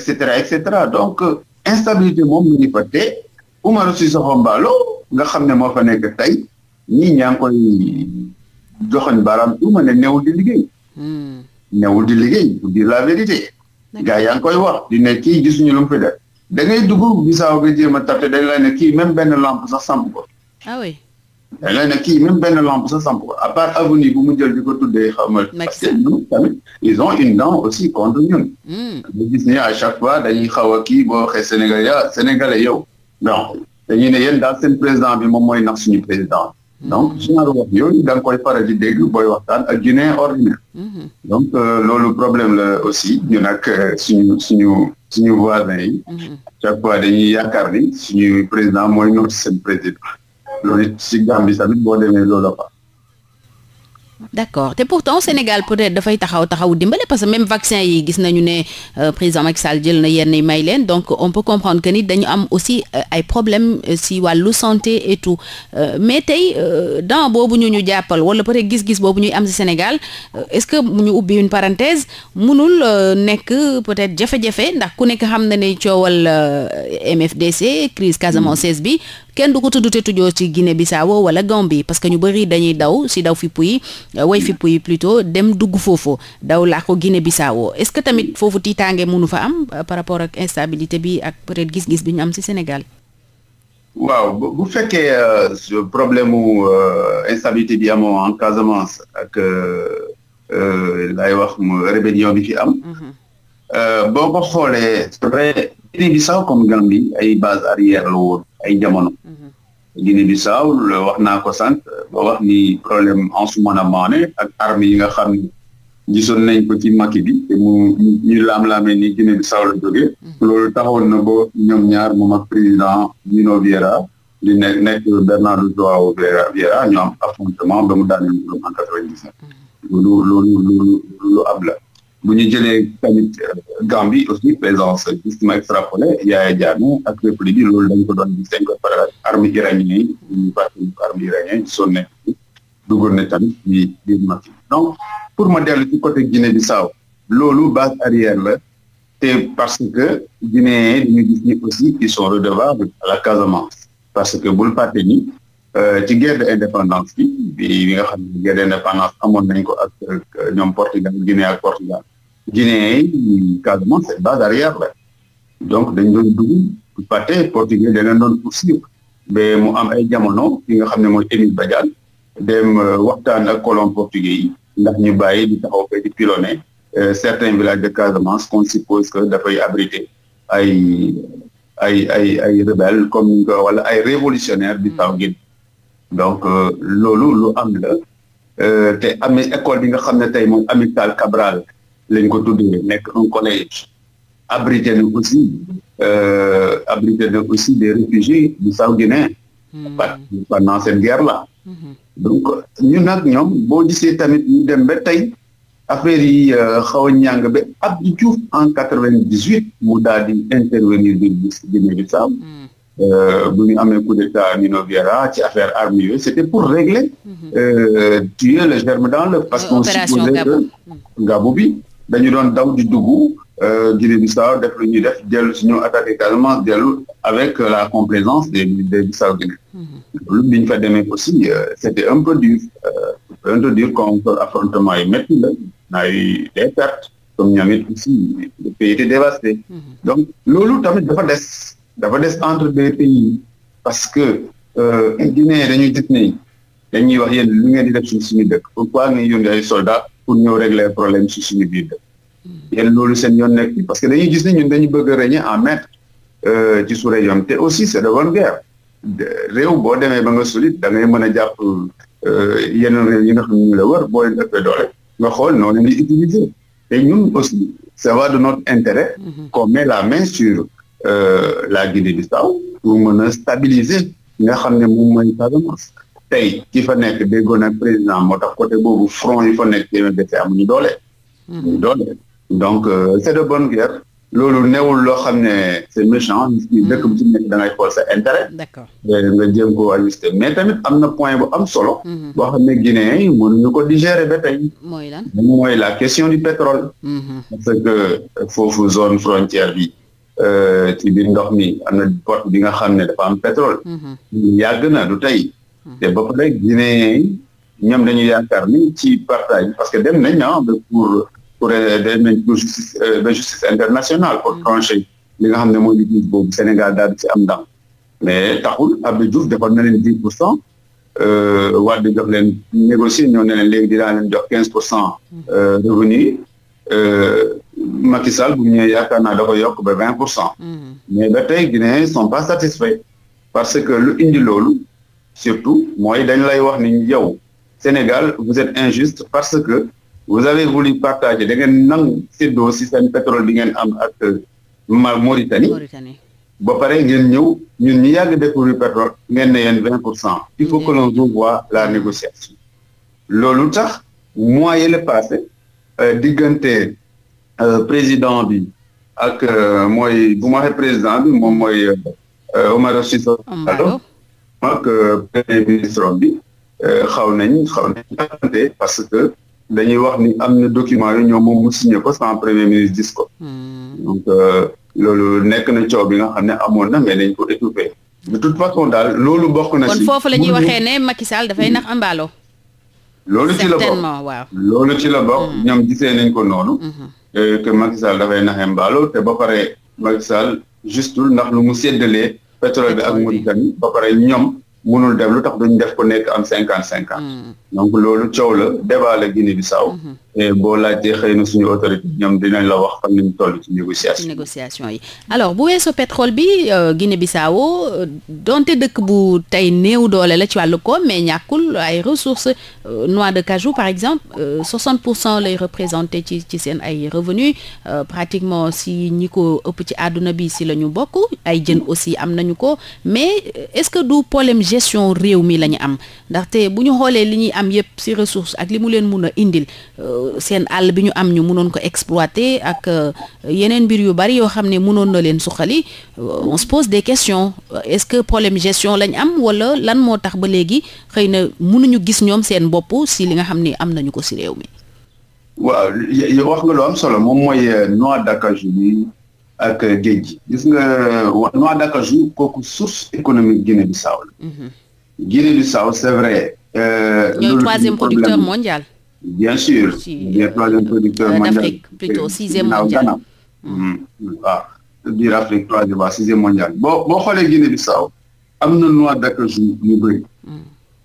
donc instabilité moom mu ngi fa te Umaro Sissoco Embaló nga xam ne moo fa nekk tey ñii ñaa ngi koy joxoñ baaraam tuuma ne newul di liggéey. Hmm. newul di liggéey pour dire la vérité. gaa yaa ngi koy wax di ne kii gisuñu lu mu fi def da ngay dugg Bissau nga jéem a tapte dañ la ne kii même benn lampe sax samp ko. ah léegi nag kii même benn lampe sa samp ko à part avenue bu mu jël di ko tuddee xaw ma parce que ñun tamit aussi contre ñun ñu hmm. gis ne à chaque fois dañuy xaw a kii boo waxee Sénégal ya ah, Sénégalais yow donc dañuy ne yéen daal seen président bi moom mooy nax suñu président hmm. donc genre wax yooyu da nga koy faral di dégg booy waxtaan ak guinéen ordinaire hmm. donc euh, loolu problème la aussi ñu nag euh, suñu suñu suñu voisin yi chaque fois dañuy yaakaar ni suñu président mooy noot seen président loolu it si Gambie tamit boo demee loolu la fa. d'accord te pourtant Sénégal peut-être dafay taxaw taxaw dimbale parce que même vaccin yi gis nañu ne euh, président Macky jël na yenn yi may leen donc on peut comprendre que ni dañu am aussi euh, ay problème euh, si wàllu santé et tout euh, mais tey dans boobu ñu ñu jàppal wala peut gis-gis boobu ñuy am si Sénégal est-ce que mu ñu ubbi une parenthèse munul nekk peut-être jafe-jafe ndax ku nekk xam na ne coowal MFDC crise Casamance hmm. bi kenn du ko tudd te tujoo ci Guinée Bissau wala bi parce que ñu bëri dañuy daw si daw fippu yi euh, way fippu yi plutôt dem dugg foofu daw laa ko Guinée Bissau est-ce que tamit foofu tiitaange mënu fa am euh, par rapport ak instabilité bi ak peut-être gis-gis bi ñu am si Sénégal. waaw bu fekkee euh, problème mu instabilité bi amoo en ak lay wax rébellion bi fi am. Mhm. Eh, boo ko xoolee c'est vrai Guinée-Bissau comme Gambie ay base arrière la woon ay jamono. Mhm. Guinée-Bissau wax naa ko sant ba wax ni problème Ansoumana Mané ak armes yi nga xam ni gisoon nañ ko ci Macky bi mu ñu laam-laamee ni Guinée-Bissau la jógee. Mhm. loolu taxoon na ba ñoom ñaar moom ak président Nino Vieira di nekk nekk Bernardo João Vieira ñu am affrontement ba mu daaneel mu quatre-vingt-dix-sept mhm. loolu loolu loolu lu ab la. bu ñu jëlee tamit euh, Gambie aussi présence justement extrapolée Yaya Jammeh ak république bi loolu dañ ko doon gis ko faral armée iranienne yi ñu fàttali ko armée iranienne sonne duggoon na tamit ci biir Mali donc pour ma dellu ci côté Guinée Bissau loolu base arrière la te parce que Guinéens dañu gis ni aussi ils sont redevables à la Casamance parce que bul fàtte ni euh, ci guerre d'indépendance bi bi nga xam ne guerre d'indépendance amoon nañ ko ak euh, ñoom Portugal Guinée ak Portugal guinéen yi Casamance seen base donc dañ doon dugg bu fàtte portugais da leen doon poursuivre mais mu am ay jamono ki nga xam ne mooy Émile Badiane dem euh, waxtaan ak colon portugais yi ndax ñu bàyyi di taxaw fee di pilonné euh, certains villages de Casamance qu'on suppose que dafay abriter ay ay ay ay rebelles comme wala ay révolutionnaires du São mm. gin donc euh, loolu lu am la te amee école bi nga xam ne tey moom Amical Cabral lañ ko tuddee nekk un collège abrité na aussi euh, abrité na aussi des réfugiés du Guinée hmm. pendant cette guerre là hmm. donc ñu nag ñoom boo gisee tamit ñu dem ba tey affaire yi euh, xaw a ñàng ba Abdou Diouf en quatre vingt dix huit mu daal di intervenir biir guinée hmm. euh, bu ñu amee coup d'état Nino Viera ci affaire armes yooyu c'était pour régler euh, tuer le germe dans l'œuf parce euh, qu'on supposait que Gabou dañu doon daw di dugg euh, di bissau def lu ñuy def dellu si ñu attaqué Casamance dellu avec la complaisance des des Bissau-Guinéens. Mm-hmm. loolu bi ñu fa demee aussi euh, c' était un peu dur euh, un affrontement yi métti la naa yu des pertes comme ñoom it aussi le pays était dévasté. Mm-hmm. donc loolu tamit dafa des dafa des entre des pays parce que Guinée dañuy gis ne dañuy wax yéen lu ngeen di def suñu dëkk pourquoi ngeen yónni ay soldats. pour ñëw régler problème ci suñu biir dëkk loolu seen yoon nekk parce que dañuy gis ne ñun dañu bëgg a régner en maître euh, ci sous région te aussi c'est de bonne guerre réew boo demee ba nga solide dangay mën a jàpp euh, yeneen réew yi nga xam ne ñu la wër boo leen ëppee doole nga xool noonu ñu ñuy utiliser te ñun aussi ça va de notre intérêt mm-hmm. qu'on met la main sur euh, la Guinée-Bissau pour mën a stabiliser nga xam ne moom mooy Casamance tey ki fa nekk déggoo nag président moo tax côté boobu front yi fa nekk UNDP amuñu doole. Hmm. amuñu doole donc euh, c' est de bonne guerre. loolu newul loo xam ne c' est méchant hmm. dëkk bu ci nekk da ngay xool sa intérêt. d'accord nga jéem koo ajusté mais tamit am na point bu am solo. Hmm. boo xam ne Guinéens yi mënuñu ko digérer ba tey. mooy lan mooy la question du pétrole. parce que foofu zone frontière bi euh, ci biir ndox mi am na porte bi nga xam ne dafa am pétrole. yàgg na du tey. te ba pare guinéen yi ñoom dañu yaakaar ni ci partage parce que dem nañ ah ba pour pour euh, dem nañ pour justice euh, ba justice internationale pour mm. trancher li nga xam ne mooy justice boobu Sénégal daal di ci am ndam mais taxul ab Abdou Diouf defoon na leen dix pour cent euh, Wade jox leen négocier ñoo ne leen léegi dinaa leen jox quinze pour cent mm. revenu Macky Sall bu ñëwee yaakaar naa da ko yokk ba vingt pour cent mm. mais ba tey Guinéens sont pas satisfaits parce que lu indi loolu surtout mooy dañ lay wax ni yow Sénégal vous êtes injuste parce que vous avez voulu partager da ngeen nangu séddoo si seen pétrole bi ngeen am ak Mauritanie ba pare ngeen ñëw ñun ñu yàgg découvrir pétrole ngeen ne yeen vingt pour cent il faut que l'on revoie la négociation loolu tax mois yële passé euh, diggante euh, président bi ak euh, mooy bu ma président bi moom mooy Oumaro Sissoko Embaló effectivement que premier ministre bi euh, xaw nañ xaw nañ attente parce que dañuy wax ni am na document yu ñoom moom mu signé ko sans premier ministre gis ko hmm. euh, loolu nekk na coow bi nga xam ne amoon na mais dañ ko étouffé de toute façon daal loolu bokk na si kon foofu la ñuy waxee ne Macky dafay nax ambaaloo loolu ci la bokk waaw loolu ci la bokk hmm. ñoom gisee nañ ko noonu hmm. euh, que Macky Sall dafay naxe mbaalo te ba pare Macky Sall justul ndax lu mu séddalee pétrole bi ak Mauritanie bo pare ñoom mënul dem lu tax duñ def ku nekk am cinquante cinquante hmm. donc loolu coow la débat la Guinée Bissau mhm. boo laajtee xëy na suñu autorité ñoom dinañ la wax fan lañ toll ci négociation négociation yi alors bu weesoo pétrole bi euh, Guinée Bissau euh, donte dëkk bu tey néew doole la ci wàllu ko mais ñàkkul ay ressource euh, noix de cajou par exemple 60 pour cent lay représenté ci ci seen ay revenus pratiquement si ñi ko ëpp ci àdduna bi si la ñu bokk ay jën aussi am nañu ko mais est-ce que du problème gestion réew mi lañu am ndaxte bu ñu xoolee li ñuy am am yëpp si ressource ak li mu leen mun a indil euh, seen àll bi ñu am ñu munoon ko exploité ak euh, yeneen mbir yu bari yoo xam ne munoon na leen suqali euh, on se pose des question est-ce que problème gestion lañ am wala lan moo tax ba léegi xëy na mënuñu gis ñoom seen bopp si li nga xam ne am nañu ko si réew mi. waaw yow wax nga loo am solo moom mooy noix d'acajou bi ak géej gis nga noix d'acajou kooku source économique Guinée-Bissau la. Mhm. Guinée-Bissau c'est ñooy euh, troisième producteur mondial. bien sûr ñooy troisième producteur euh, mondial d'Afrique plutôt sixième mondial. waaw biir hmm. hmm, hmm, ah. Afrique troisième waaw ah, sixième mondial boo boo xoolee Guinée-Bissau am na noix d'acajou yu bëri.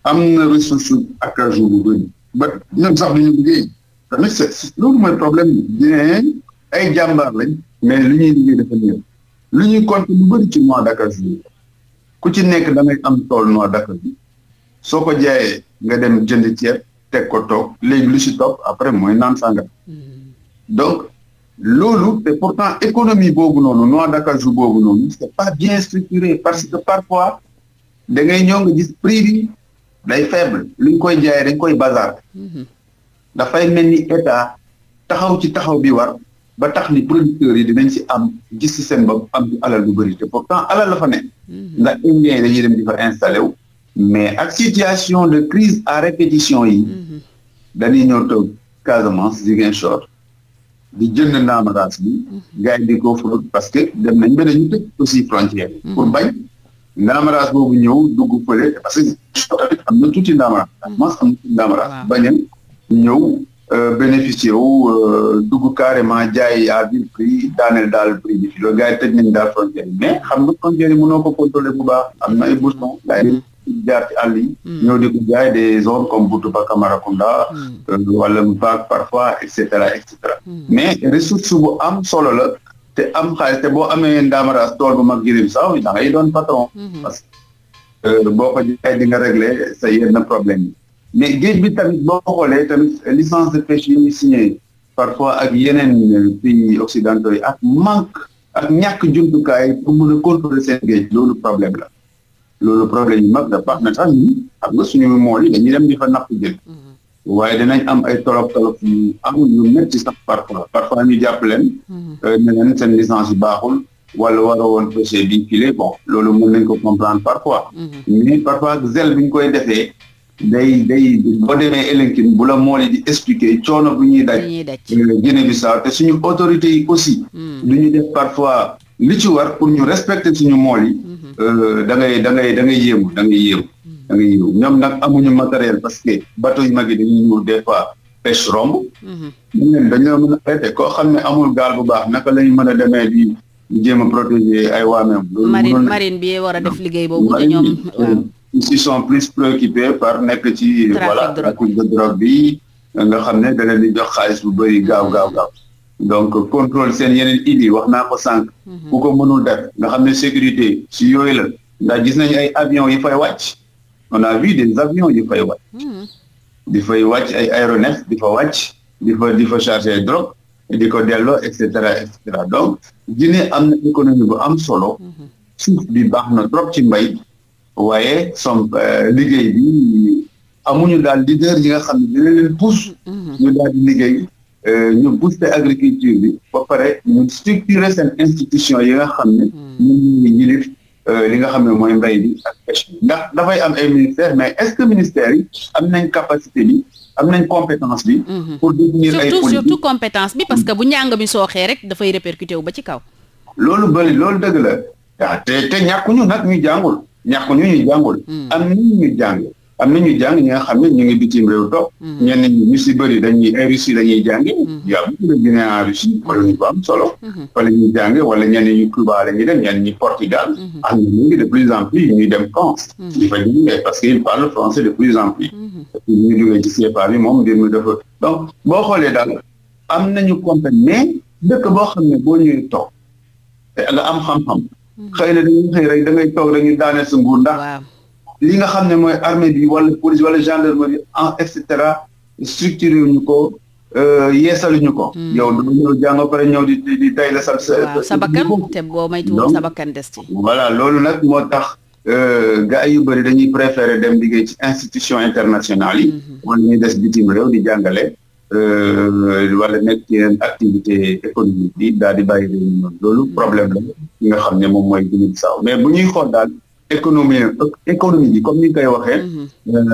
am na ressource acajou bu bëri ba ñoom sax du ñu liggéey tamit c'est loolu mooy problème bi Guinée ay jàmbaar lañ mais lu ñuy liggéey dafa néew lu ñuy compter lu bëri ci noix d'acajou ku ci nekk da ngay am tool noix d'acajou soo ko jaayee nga dem jënd ceeb teg ko toog léegi lu si topp après mooy naan sàngara mm. donc loolu te pourtant économie boobu noonu noix d'acajou boobu noonu c'est pas bien structuré parce que parfois da ngay ñëw nga gis prix bi day faible lu ñu koy jaayee dañ koy bazar mm-hmm. dafay mel ni état taxaw ci taxaw bi war ba tax ni producteurs yi dinañ si am gis si seen bopp am ci alal lu bëri te pourtant alal la fa ne mm-hmm. ndax indiens yi dañuy dem di fa installé wu mais ak situation de crise à répétition yi mhm. dañuy ñëw toog Casamance Ziguinchor di jënd ndaamaraas bi mhm. gars yi di parce que dem nañ ba dañu tëj aussi frontière pour mhm. bañ ndaamaraas boobu ñëw dugg fële parce que tamit am na tuuti ndaamaraas am na tuuti ndaamaraas bañal ñëw euh, bénéficier wu euh, dugg carrément jaay à vil prix daaneel daal prix bi fi loolu gars yi daal frontière mais xam na frontière mu mënoo ko contrôler bu baax am na ay bouchon gars jaar ci àll yi. Hmm. ñoo di ko jaay des zones comme Boutoupa Tambacounda. Hmm. Euh, wala Mbac parfois et cetera et hmm. mais ressource bu am solo la te am xaalis te boo amee ndaamaraas tool bu mag jëriñ sax a ngay doon patron. parce que euh, boo ko jaay di nga régler sa yenn problème mais géej bi tamit boo xoolee tamit licence de pêche yi ñuy signé parfois ak yeneen euh, pays occidentaux yi ak manque ak ñàkk jumtukaay pour mën a contrôler seen géej loolu problème la. loolu problème yu mag la baax na sax xam nga suñu mool yi dañuy dem di fa napp jën mhm. waaye danañ am ay tolof tolof yu am yu metti sax parfois parfois ñu jàpp leen mhm. euh, ne leen seen licence yi baaxul wala war a woon pêcher bi filé bon loolu mën nañ ko comprendre parfois mhm. mais parfois zèle bi ñu koy defee day day boo demee Elinkine bu la mool yi di expliquer coono bu ñuy daj euh, Guinée Bissau te suñu autorités yi aussi du ñu def parfois li ci war pour ñu respecter suñu mool yi Euh, da ngay da ngay da ngay yéemu da ngay da ñoom nag amuñu matériel parce que bateau yu mag yi dañuy ñëw des fois pêche romb mhm. ñu leen dañoo koo xam ne amul gaal bu baax naka lañu mën a demee bi jéem a protéger ay waameem marine marine bi war def liggéey boobu te ñoom euh, ils sont plus préoccupés par nekk ci wala trafic de drogue bi nga xam ne da leen di jox xaalis bu bëri gaaw gaaw gaaw donc contrôle seen yeneen idée wax naa ko sànq. Mhm. ko mënul def nga xam ne sécurité si yooyu la ndax gis nañu ay avions yi fay wàcc on a vu des avions yu fay wàcc. Mhm. di fay wàcc ay aéronefs di fa wàcc di fa di fa di ko delloo et cetera et cetera donc Guinée am na économie bu am solo. Mhm. suuf bi baax na trop ci mbay. waaye som euh, liggéey bi amuñu daal leader yi nga xam ne dina leen pousse. ñu daal di liggéey. ñu booster agriculture bi ba pare ñu structurer seen institution yi nga xam ne ñun ñu yilif li nga xam ne mooy mbay bi ndax dafay am ay ministères mais est-ce que ministères yi am nañ capacité bi am nañ compétence bi hmm. pour ay politique surtout compétence bi parce que bu hmm. njàng mi sooxee rek dafay répercuté wu ba ci kaw loolu bëri loolu dëgg la waaw ah, te te ñàkkuñu nag ñu jàngul ñàkkuñu ñu jàngul hmm. am nañ ñu jàng am na ñu jàng ñi nga xam ne ñu ngi bitim réew toog. Mm. ñenn ñi ñu si bëri dañuy ay Russie dañuy jàngi. yàlla ñu ngi Guinée en Russie ko mm-hmm. am solo. wala mm-hmm. ñuy jàng wala ñenn ñu Cuba la ñuy dem ñenn Portugal. Mm-hmm. ñu ngi de plus en plus ñuy dem France. parce que ils parlent français de plus en plus. ñu jógee ci CEPA bi moom mbir mi dafa. donc boo xoolee daal am nañu compétence mais dëkk boo xam ne boo ñu toog te nga am xam-xam. xëy na dañuy xëy rek da ngay toog rek ñu daane su li nga xam ne mooy armée bi wala police wala gendarmerie en et cetera structure ñu ko euh, yeesaluñu ko. Hmm. yow dama ñëw jàng pare ñëw di di tay la sa. sa bakkan te boo moytuwul sa bakkan des ci. voilà loolu nag moo tax. Euh, gaa yu bëri dañuy préférer dem liggéey ci institution internationale yi. Hmm. wala ñuy des bitim réew di jàngale. Euh, wala nekk ci yeneen activité économique bi daal di bàyyi réew mi noonu loolu problème la. ki nga xam ne moom mooy Guinée Bissau mais bu ñuy xool daal. économie économie bi comme ni nga koy waxee. Mhm.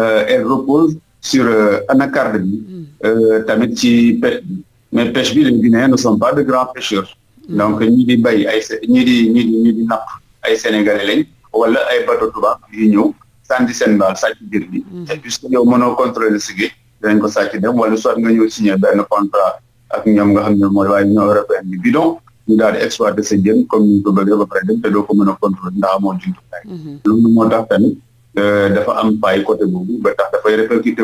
Euh, elle repose sur euh, anacarde bi. Mhm. Euh, tamit ci pêche bi mais pêche bi les Guinéens ne sont pas de grands pêcheurs. Mhm. donc ñi di bay ay ñi di ñi di ñi ay sénégalais lañ wala ay bateau tubaab yu ñëw sànni seen mbaal sàcc jër bi. te puisque yow mënoo contrôler si géej dinañ ko sàcc dem wala soit nga ñëw signer benn contrat ak ñoom nga xam ñoom mooy waa Union européenne bi bidon. ñu daal di exploiter sa jën comme ni ñu ko bëggee ba pare dem te doo ko mën a contrôler ndax amoo jumtukaay. Mhm. loolu moo tax tamit euh, dafa am paay côté boobu ba tax dafay répercuté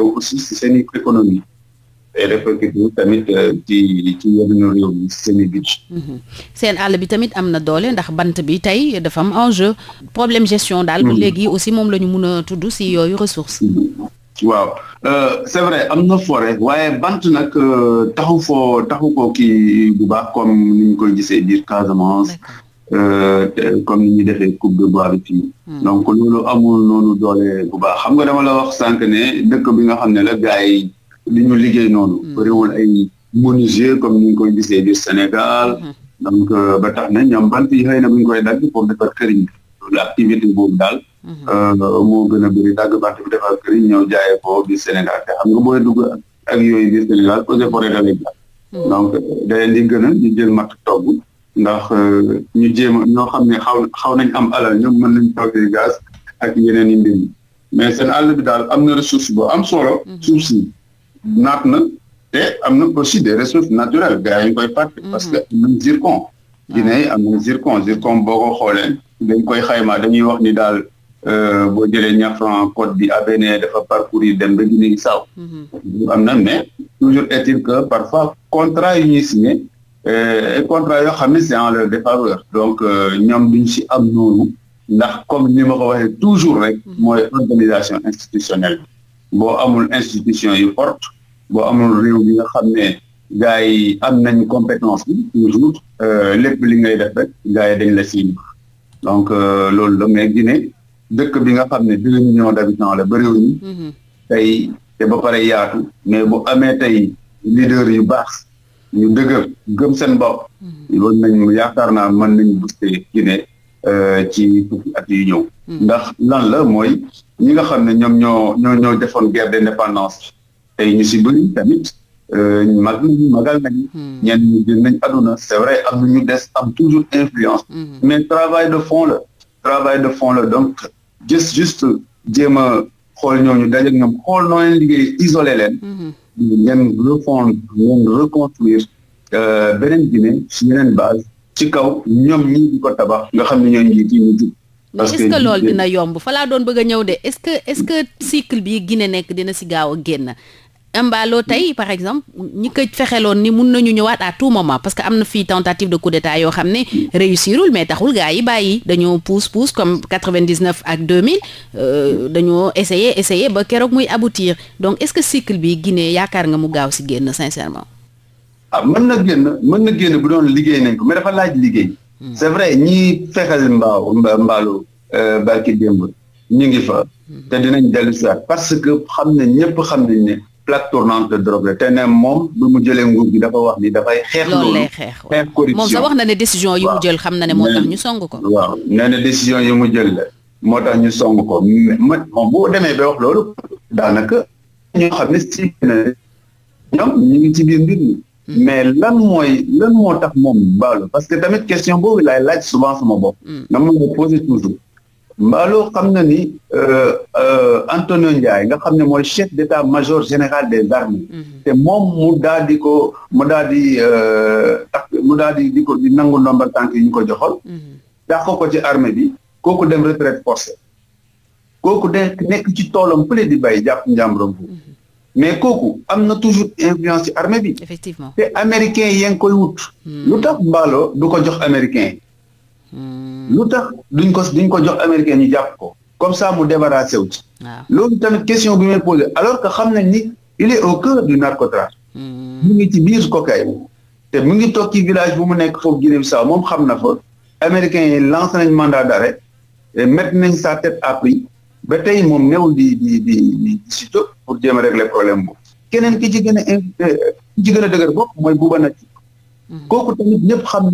tamit euh, ci ci yenn réew mi si seen biir. Mhm. seen àll bi tamit am na doole ndax bant bi tey dafa am enjeu problème gestion daal. Mhm. léegi aussi moom lañu mun a tudd si yooyu ressources. waaw euh, c'est vrai am na forêt waaye bant nag euh, taxu foo taxu ko kii bu baax comme ni ñu koy gisee biir Casamance euh, comme ni ñuy defee coupe de bois bi hmm. donc loolu amul noonu doole bu baax xam nga dama la wax sànq ne dëkk bi nga xam ne la gars yi li ñu liggéey noonu hmm. bëriwul ay menuisier comme ni ñu koy gisee biir Sénégal hmm. donc ba tax na ñoom bant yi xëy na bu ñu koy dagg pour defar këriñ activité boobu daal. Mhm. Euh, moo gën a bëri dàggante bi defar kër yi ñëw jaayee ko biir Sénégal te xam nga booy dugg ak yooyu biir Sénégal eaux et forêt da lay donc day li gën a ñu jël mat togg ndax euh, ñu jéem a ñoo xam ne xaw xaw nañ am alal ñoom mën nañ toggee gaz ak yeneen i mbir mais seen àll bi daal am na ressource bu am solo. Mhm. suuf si naat na. te am na aussi des ressources naturelles gars ñu koy fàtte. Mhm. parce que am nañ zircon. Guinée am nañ zircon boo ko xoolee. dañ koy xayma dañuy wax ni daal euh, boo jëlee ñaar franc code bi ABN dafa parcourir dem ba Guinée Bissau mhm. am na mais toujours est-il que parfois contrat yi ñuy signé euh, et contrat yoo xam ne c'est en leur défaveur donc euh, ñoom duñ si am noonu ndax comme ni ma ko waxee toujours rek mhm. mooy organisation institutionnelle boo amul institution yu forte boo amul réew bi nga xam ne gars yi am nañ compétence bi toujours lépp li ngay def rek gars yi dañ la signé donc euh, loolu la mais Guinée dëkk bi nga xam ne dix-huit millions d'habitants la bëriwuñu mhm. tey te ba pare yaatu mais bu amee tey leader yu baax ñu dëgër gëm seen bopp mhm. loolu nañ yaakaar naa mën nañu booster Guinée euh, ci fukki at yu ñëw mhm. ndax lan la mooy ñi nga xam ne ñoom ñoo ñoo ñoo defoon guerre d'indépendance tey ñu si bëri tamit Euh, mag hmm. nañu magal nañu ñenn ñu jël nañ aduna c'est ñu des am toujours influence hmm. mais travail de fond la travail la donc juste juste jéem a xool ñooñu dajeeg ñoom xool noo leen liggéey isolé leen hmm. ngeen refondre ngeen reconstruire euh, beneen Guinée si yeneen base ci kaw ñoom ñii di ko tabax nga xam ne ñoo njiit yi ñu jub parce que est-ce que yomb fa doon bëgg ñëw de est-ce que ce que cycle bi Guinée nekk dina si gaaw a génn Embalo tey par exemple ñi ko fexeloon ni mun nañu ñëwaat à tout moment parce que am na fii tentative de coup d'état yoo xam ne réussirul mais taxul gars yi bàyyi dañoo pousse pousse comme 99 ak 2000 euh, dañoo essayer essayer ba keroog muy aboutir donc est-ce que cycle bi Guinée yaakaar nga mu gaaw si génn sincèrement. ah mën na génn mën na génn bu doon liggéey nañ ko mais dafa laaj liggéey. Hmm. c'est vrai ñi fexeel mbaaw mbaalu euh, barki démb ñu ngi fa. Hmm. que xam ne xam plaque tournante de drogue la te ne moom bu mu jëlee nguur gi dafa wax ni dafay xeex loolu lay xeex corruption moom sax wax na ne décision yi mu jël xam na ne moo tax ñu song ko waaw nee na décision yi moo tax ñu song ko man moom boo demee ba wax loolu daanaka ñoo xam ne si na ñoom ñu ngi ci biir mbir mi mm. mais lan mooy lan moo tax moom baalu parce que tamit question boobu laay laaj souvent sama bopp. na mm. ma la toujours Mballo xam na ni euh, euh, Antonio Ndiaye nga xam ne mooy chef d'état-major général des armées mhm. te moom mu daal di ko mu daal di euh, tak mu daal di di ko nangu ndomba tànk yi ñu ko joxol mhm. dàq ko ci armée bi kooku dem retraite forcée kooku de nekk ci toolam pële di bay jàpp njàmburam mhm. mais kooku am na toujours influence ci armée bi effectivement te américain yi koy wut lu tax Mballo du ko jox américain Hmm. lu tax duñ ko duñ ko jox américain ñu jàpp ko comme ça mu débarrassé wu ci. loolu tamit question bi may posé alors que xam nañ ni il est au cœur du narcotrafic. Hmm. mu ngi ci biir cocaïne te mu ngi toog ci village bu mu nekk foofu Guinée-Bissau moom xam na fa américain yi lancé nañ mandat d'arrêt mettre nañ sa tête à ba tey moom newul di di di di si jóg pour jéem a problème boobu. keneen ki ci gën a in eh, ki ci gën a dëgër bopp mooy Bouba Nathi kooku tamit ñëpp xam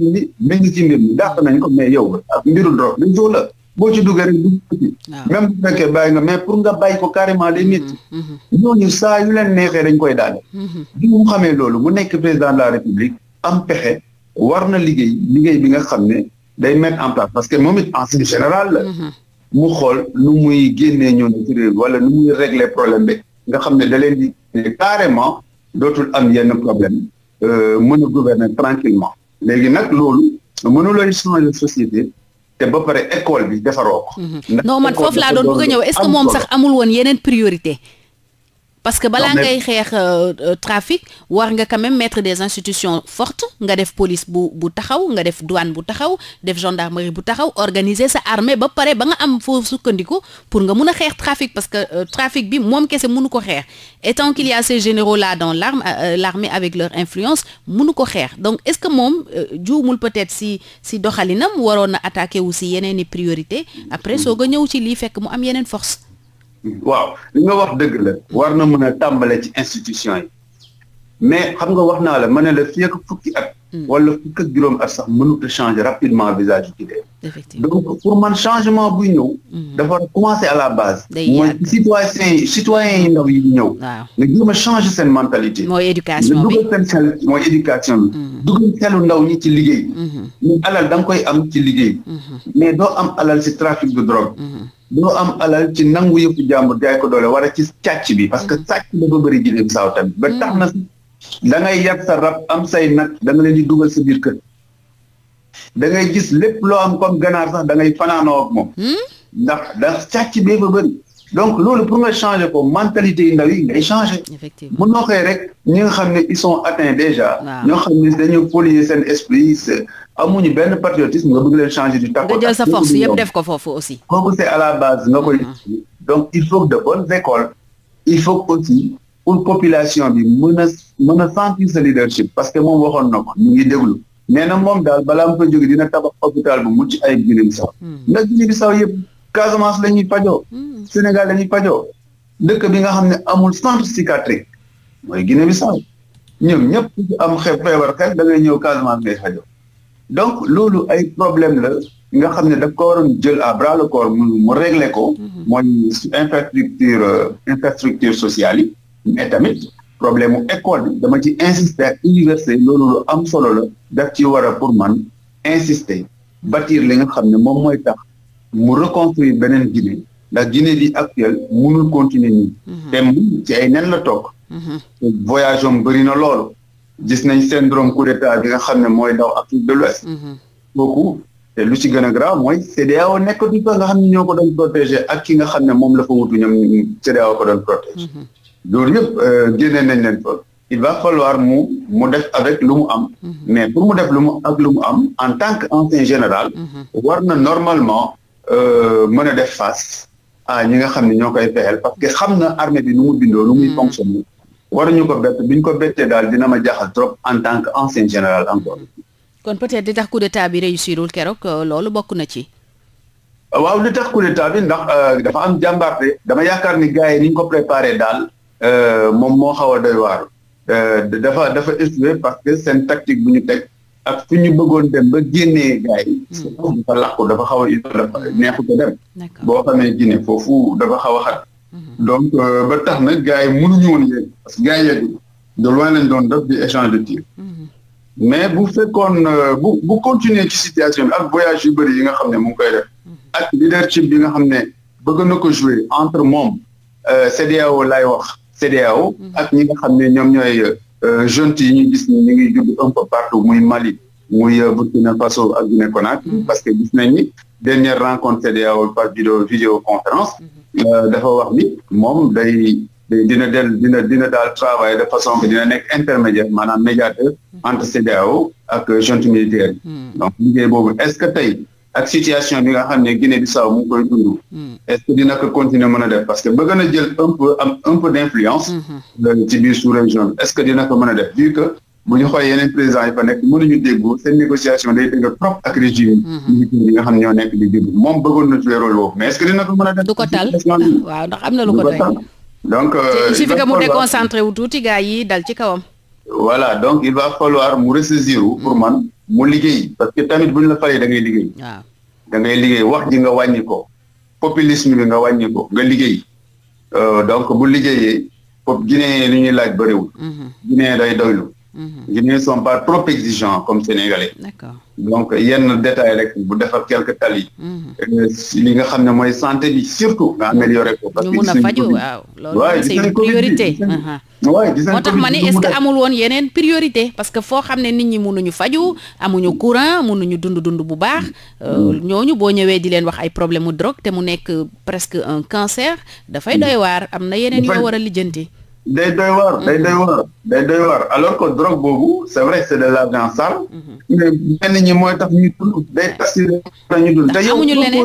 ne ni ci mbir mi dàq nañ ko mais yow mbiru drogue lu jox la boo ci duggee rek du tuuti bu fekkee bàyyi nga mais pour nga bay ko carrément day métti mm-hmm. ñooñu saa yu leen neexee dañ koy daane mm-hmm. bi mu xamee loolu mu nekk président de la république am pexe war na liggéey liggéey bi nga xam ne day mettre en place parce que moom it en général la mm-hmm. mu xool nu muy génnee ñooñu ci réew wala nu muy régler problème bi nga xam ne da leen di carrément dootul am yenn problème Euh, mën a gouverner tranquillement léegi nag loolu mënuloo changer société te ba pare école bi defaroo ko. Mhm. non man foofu doon bëgg a ñëw est-ce que moom sax amul woon yeneen priorité parce que balaa ngay xeex euh, euh, trafic war nga quand même mettre des institutions fortes nga def police bu bu taxaw nga def douane bu taxaw def gendarmerie bu taxaw organiser sa armée ba pare ba nga am foo sukkandiku pour nga mun a xeex trafic parce que euh, trafic bi moom kese munu ko xeex et tant qu'il y a ces généraux là dans l'arme avec leur influence mënu ko xeex donc est-ce que moom juumul peut-être si si doxalinam waroon na attaquer wu si yeneen i priorité après soo nga ñëw ci lii fekk mu am yeneen force waaw li nga wax dëgg la war na mën a tàmbale ci institution yi mais xam nga wax naa la ma ne la fii ak fukki at Hmm. wala fukk ak juróom at sax mënut a changer rapidement visage bi dee. donc pour man changement buy ñëw. Hmm. dafa commencer à la base. day yàgg mooy citoyen citoyen yi ndaw yi ñëw. waaw a changer seen mooy éducation bi hmm. ci liggéey. mais alal da nga koy am ci liggéey. mais doo am alal ci trafic de drogue. doo am alal ci nangu yëpp jàmbur jaay ko doole wala ci càcc bi. parce que càcc dafa bëri Guinée-Bissau tamit da ngay yar sa rab am say nag da nga leen di dugal sa biir kër da ngay gis lépp loo am comme ganaar sax da ngay fanaanoo moom hmm? ndax ndax càcc bee ba bëri donc loolu pour nga changer ko mentalité yi ndaw yi ngay changer mu noxee rek ñi nga xam ne ils sont atteints déjà ñoo xam ne dañu polluer seen esprit ñu benn patriotisme nga bëgg leen changer du tax nga jël sa force yëpp def ko foofu aussi kooku c'est à la base nga koy hmm. donc il faut de bonnes écoles il faut bi mën a sentir sa leadership parce que moom waxoon na ko mu ngi déglu nee na moom daal balaa mu fa jóge dina tabax hôpital bu mucc ay Guinée Bissau hmm. ndax Guinée Bissau yëpp Casamance la ñuy fajoo hmm. Sénégal la ñuy dëkk bi nga xam ne amul centre psychiatrique mooy Guinée Bissau ñoom ñëpp am xeeb feebar xel da ñëw Casamance ngay fajoo donc loolu ay problème la nga xam ne daf ko waroon jël à bras le corps mu mu régler ko hmm. mooy infrastructure euh, infrastructure sociale yi mais tamit problème mu école bi dama ci insister ak université loolu lu am solo la daf ci war pour man insister bâtir li nga xam ne moom mooy tax mu reconstruire beneen Guinée ndax Guinée bi actuelle mënul continuer nii. Mhm. te mu ci ay nen la toog. Mhm. voyage am bëri na loolu. gis nañ syndrome coup d'état bi nga xam ne mooy daw Afrique de l'Ouest. Mhm. kooku te lu ci gën a grave mooy CEDEAO nekk du fa nga xam ne ñoo ko doon protéger ak ki nga xam ne moom la fa wutu ñoom o ko doon loolu yëpp euh, génne nañ leen fa il va falloir mu mu def avec lu mu am mm-hmm. mais pour mu def lu mu ak lu mu am en tant que ancien général mm-hmm. war na normalement euh, mën a def face ah ñi nga xam ni ñoo koy fexeel parce que xam na armée bi nu mu bindoo nu muy mm-hmm. fonctionner ñu ko bett bi ñu ko bettee daal dina ma jaaxal trop en tant que ancien général encore kon peut-être di tax coup d'état bi réussirul keroog euh, loolu bokk na ci waaw li tax coup d'état ndax dafa am jàmbaarte dama yaakaar ni gars yi ni ñu ko préparé daal Euh, moom moo xaw a doy waar euh, dafa dafa échoué parce que seen bu ñu teg ak fu ñu bëggoon dem ba génnee gars yi. Hmm. dafa làqu dafa xaw a dafa neexut a dem. boo xamee Guinée foofu dafa xaw a xat. Hmm. donc euh, ba tax na gars yi mënuñu woon yéen parce que gars yi de loin lañ doon def di échange de tir. Hmm. mais bu fekkoon bu bu continuer ci situation bi ak voyage yu bëri yi nga xam ne mu ngi koy def. ak leadership bi nga xam ne bëgg na ko jouer entre moom CEDEAO laay wax. CEDEAO mhm. ak ñi nga xam ne ñoom ñooy euh, junte yi ñu gis ne ñu ngi judd un peu partout muy Mali muy euh, Burkina Faso ak Guinée Conakry mhm. parce que gis nañ ni dernière rencontre CEDEAO par vidéo vidéoconférence mhm. euh, dafa wax ni moom day dina del dina dina daal travail de façon que dina nekk intermédiaire maanaam médiateur entre CEDEAO ak junte militaire donc liggéey boobu est-ce que tey ak situation bi nga xam ne Guinée Bissau mu ngi koy dund. Hmm. est que dina ko continuer mën a def parce que bëgg na jël un peu am un peu d'influence. Hmm. Euh, ci biir sous-région bi est que dina ko mën a def vu que bu ñu xoolee hmm. nga xam ne ñoo nekk di déglu moom bëggoon na jouer rôle mais est dina ko mën a def. du ko tal waaw ndax am na lu ko doy. donc euh, il suffit que mu déconcentré wu tuuti gars yi dal ci kawam. voilà donc il va falloir mu ressaisir pour man. mu liggéey parce que tamit bu ñu la falee da ngay liggéey. waaw da ngay liggéey wax ji nga wàññi ko populisme bi nga wàññi ko nga liggéey euh, donc bu liggéeyee foofu Guinée li ñuy laaj bëriwul. Mhm. Guinée day doylu Guinéens mhm. sont pas trop exigeants comme sénégalais. d'accord donc yenn détail rek bu defar quelque tali. Mhm. li nga xam ne mooy santé bi surtout. nga améliorer ko parce priorité. moo tax ma ne est-ce amul woon yeneen priorité parce que foo xam ne nit ñi mënuñu faju amuñu courant mënuñu dund dund bu baax. Euh, mm. ñooñu boo ñëwee di leen wax ay problème mu drogue te mu nekk presque un cancer. dafay mm. doy waar am na yeneen yoo war a lijjanti. day doy waar day mhm. doy waar day doy waar alors que drogue boobu c'est vrai c'est de l'argent sale mhm. mais benn ñi mooy tax ñu dund day tax si ñu dund te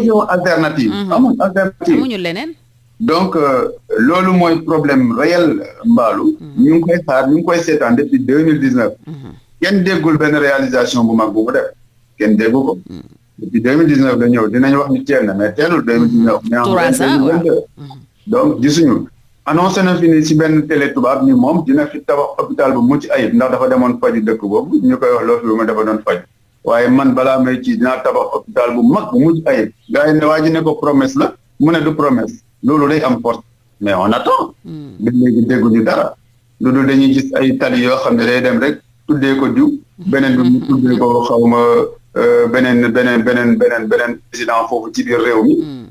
yow alternative mhm. amul alternative leneen donc euh, loolu mooy problème réel mbaalu ñu ngi koy xaar ñu ngi koy seetaan depuis deux mille dix neuf kenn déggul benn réalisation bu mag bu mu def kenn déggu ko depuis deux mille dix neuf la ñëw dinañ wax ni teel na mais teelul deux mille dix neuf mais en deux mille donc gisuñu annoncé na fi ni si benn télé tubaab ni moom dina fi tabax hôpital bu mucc ayib ndax dafa demoon faju dëkk boobu ñu koy wax loofi bu ma dafa doon faj waaye man balaa may ci dinaa tabax hôpital bu mag bu mucc ayib gars yi ne waa ji ne ko promesse la mu ne du promesse loolu day am force mais on attend ba hmm. léegi dara lu dul dañuy gis ay tali yoo xam ne day dem rek tuddee ko diw beneen bi mu hmm. tuddee ko xaw ma beneen euh, beneen beneen beneen beneen président foofu ci biir réew mi hmm.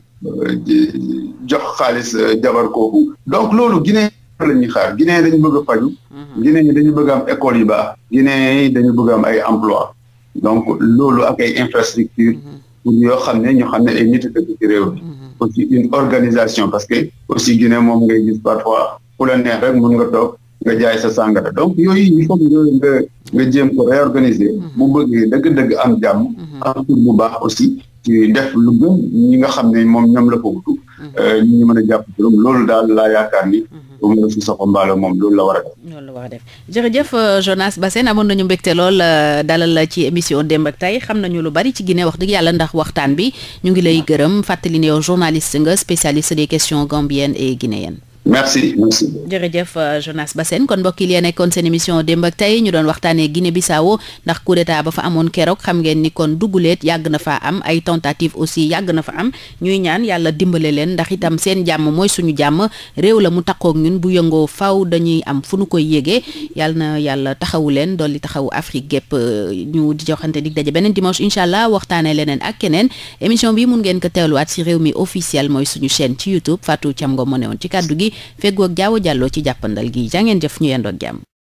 jox xaalis euh, jabar kooku donc loolu Guinée la ñuy xaar Guinée dañu bëgg a faju mhm. Guinée yi dañu bëgg am école yu baax Guinée yi dañu am ay emploi donc loolu ak ay infrastructure mhm. pour yoo xam ne ñu xam ne ay nit dëkk ci réew mhm. parce que aussi Guinée moom ngay gis parfois ku la neex rek mun nga toog nga jaay sa sàngara donc nga nga ko réorganiser bu bëggee dëgg-dëgg am jàmm am tur bu baax aussi ci def lu gën ñi nga xam ne moom ñoom la ko wutu ñi mm-hmm. euh, ñu mën a jàpp ci loolu daal laa yaakaar ni mm-hmm. bu la war a def loolu la war a def jërëjëf euh, Jonas nañu mbégte lool euh, dalal ci émission démb ak xam nañu lu bari ci Guinée wax dëgg yàlla ndax waxtaan bi ñu ngi lay gërëm fàttali ne yow journaliste nga spécialiste des questions gambiennes et guinéennes merci merci. jërëjëf euh, Jonas Bassène kon mbokk yi li nekkoon seen émission démb tey ñu doon waxtaanee Guinée Bissau ndax coup d'état ba fa amoon keroog xam ngeen ni kon duguleet yàgg na fa am ay tentative aussi yàgg na fa am ñuy ñaan yàlla dimbale leen ndax itam seen jàmm mooy suñu jàmm réew la mu takkook ñun bu yëngoo faw dañuy am fu ñu koy yégee yàlla na yàlla taxawu leen dolli taxawu Afrique gépp euh, ñu di joxante dig daje beneen dimanche incha allah waxtaanee leneen ak keneen émission bi mun ngeen ko teewluwaat si réew mi officiel mooy suñu chaîne ci YouTube Fatou Thiam Ngom moo ne woon ci kàddu gi feggoo ak jaawo jàlloo ci jàppandal gi jàngeen jëf ñu yendoog jàmm